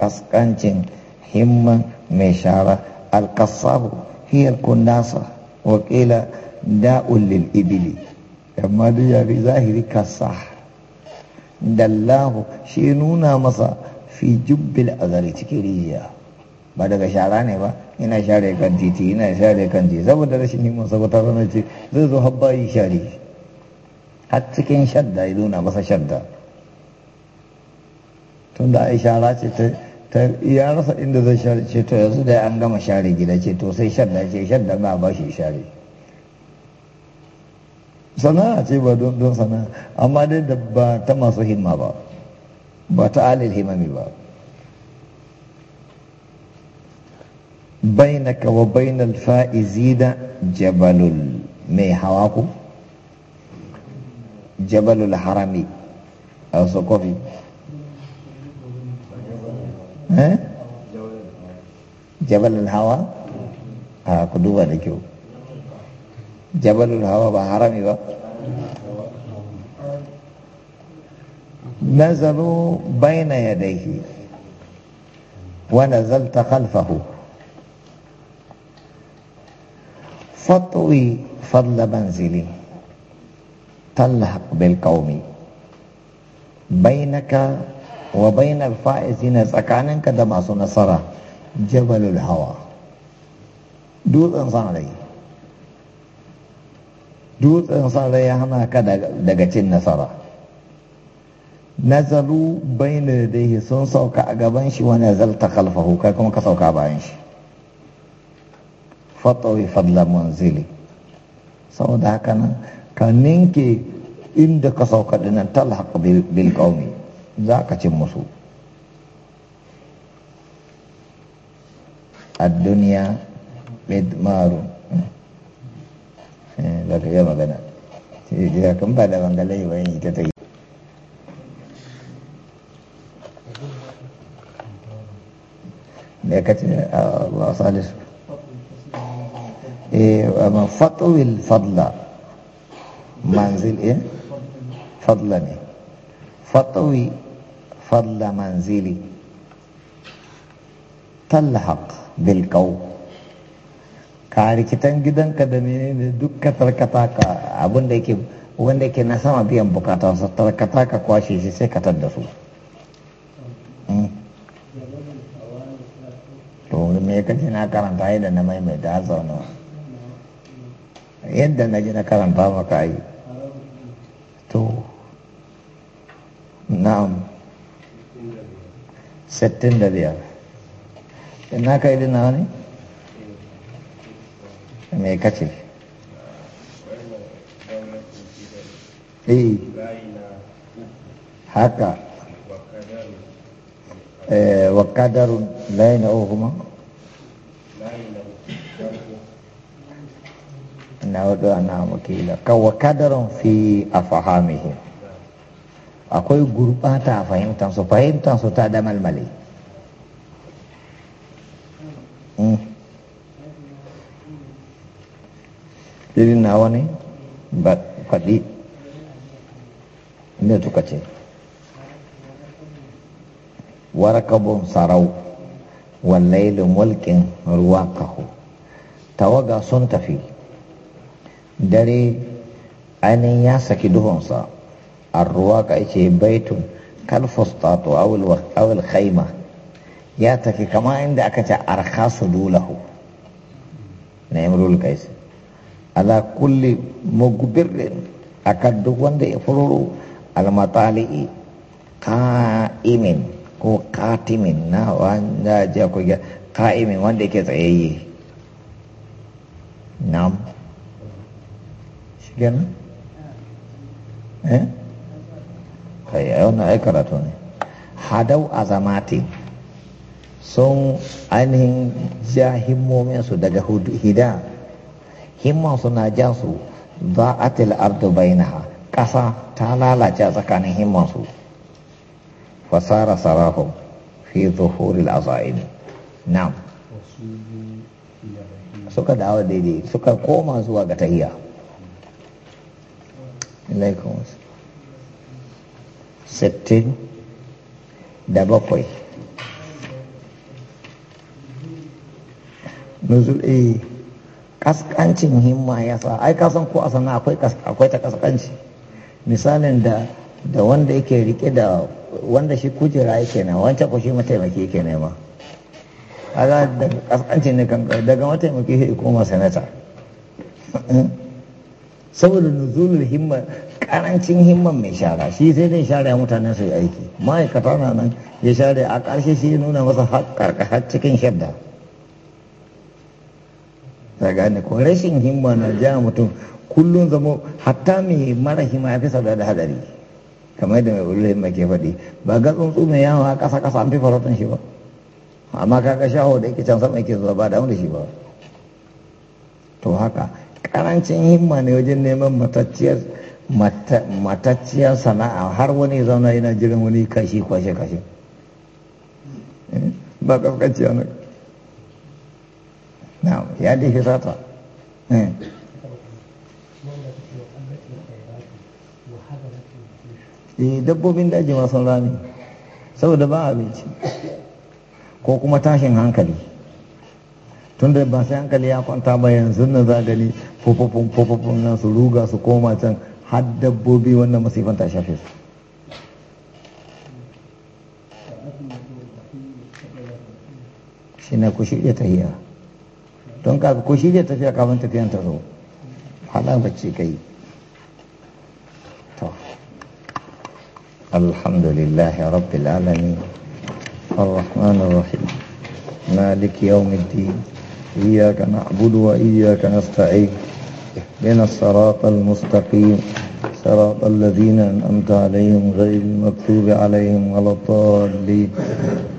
kaskancin himman mai shara alkassahu hiyar kunnasa wakila da'un ibili amma duk yare zahiri kassa dallahu shi nuna masa fi jubbil azali cikin rijiya ba daga shara ne ba ina share kan titi ina share kan titi saboda rashin himmar saboda ranar ce zai zo habba yi share har cikin shadda ya nuna masa shadda tun da ai shara ce ta ya rasa inda zai share ce to yanzu da an gama share gida ce to sai shadda ce shadda ma ba shi share sana'a ce ba don sana'a amma dai da ba ta masu himma ba ba ta alil himami ba bainaka wa bainal da jabalul mai hawa ku jabalul harami a sokofi eh? jabalul hawa a ku duba da kyau jabalul hawa ba harami ba nazaru baina yadayhi wa nazalta khalfahu fatwi fadla manzili talhaq bil qaumi bainaka wa bainal fa'izina tsakaninka da masu nasara jabalul hawa dutsen san ya hana ka daga cin nasara nazalu bayna yadayhi sun sauka a gaban shi wa ta khalfahu kai kuma ka sauka bayan shi fatawi fadla manzili saboda haka nan ka ninke inda ka sauka dinan talhaq bil qaumi za ka cin musu الدنيا مدمار لك يا مغنى كم بعد من قال لي ta كتير me kace a salisu eh fatwil fadla manzil eh fadla ne fatwi fadla manzili talhaq bil qaw ka rikitan gidanka da menene dukkan tarkata ka abin da yake wanda yake na sama biyan bukata sa tarkata ka kwashe shi sai ka tadda su wuri me kace na karanta yadda na maimaita har sau nawa yadda na ji na karanta maka yi to na'am sittin da biyar ina ka yi na wani? me kace eh haka eh wa qadarun la na hudu ana makila kawo kadarin fi a fahamihim akwai gurbata a fahimtansu fahimtansu ta da malmale hmm. irin nawa ba faɗi inda tuka warakabun sarau wallailu mulkin ruwa kahu tawaga sun tafi dare ainihin ya saki duhunsa a ruwa ka ce baitun kalfustato awil khaima ya tafi kama inda aka ce arkasu dulahu na imrul kais ala kulli mugbirin akan duk wanda ya fururu almatali'i ka'imin ko katimin na wanda ji akwai ka'imin wanda yake tsayayye na shi eh? kai karatu ne hadau azamati sun ainihin ja himmominsu daga hida himman suna jansu su za a tilar dubai na ƙasa ta lalace tsakanin tsakanin himmansu فصار ثراه في ظهور العظائم نعم suka dawo daidai suka koma zuwa ga tahiya alaikum sittin da bakwai nuzul eh kaskancin himma ya sa ai ka san ko a sana akwai ta kaskanci misalin da da wanda yake rike da wanda shi kujera yake nan wancan ku mataimaki yake nema za daga kasance ne daga mataimaki shi koma sanata hmm? saboda nuzulul himma karancin himman mai shara shi sai dai share mutanen su aiki ma'aikata na nan ya share a ƙarshe shi nuna masa har cikin shadda ta gane ko rashin himma na ja mutum kullum zamo hatta mai mara himma ya fi sada da hadari kamar da mai bulli mai ke faɗi ba ga tsuntsu mai yawon a ƙasa ƙasa an fi farautan shi ba amma ga shaho da yake can sama yake zuwa ba da da shi ba to haka ƙarancin himma ne wajen neman matacciyar matacciyar sana'a har wani zauna yana jiran wani kashi kwashe kashe eh, ba kafkaciya na ya dai sata eh. eh dabbobin daji ma rami, saboda ba abinci ko kuma tashin hankali tun da ba sai hankali ya kwanta ba yanzu na za gani fofofin nan su ruga su koma can har dabbobi wannan masifan ta shafe su shi ku shirya tahiya don ka ku shirya tafiya kafin tafiyan ta zo haɗa bacci kai الحمد لله رب العالمين الرحمن الرحيم مالك يوم الدين إياك نعبد وإياك نستعين اهدنا الصراط المستقيم صراط الذين أنعمت عليهم غير المكتوب عليهم ولا الضالين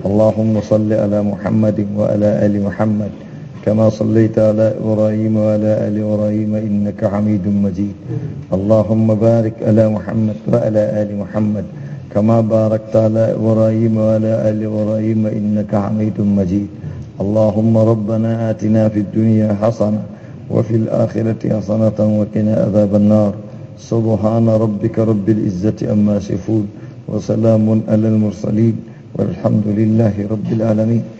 اللهم صل على محمد وعلى آل محمد كما صليت على إبراهيم وعلى آل إبراهيم إنك حميد مجيد اللهم بارك على محمد وعلى آل محمد كما باركت على إبراهيم وعلى آل إبراهيم إنك حميد مجيد اللهم ربنا آتنا في الدنيا حسنة وفي الآخرة حسنة وقنا عذاب النار سبحان ربك رب العزة أما يصفون وسلام على المرسلين والحمد لله رب العالمين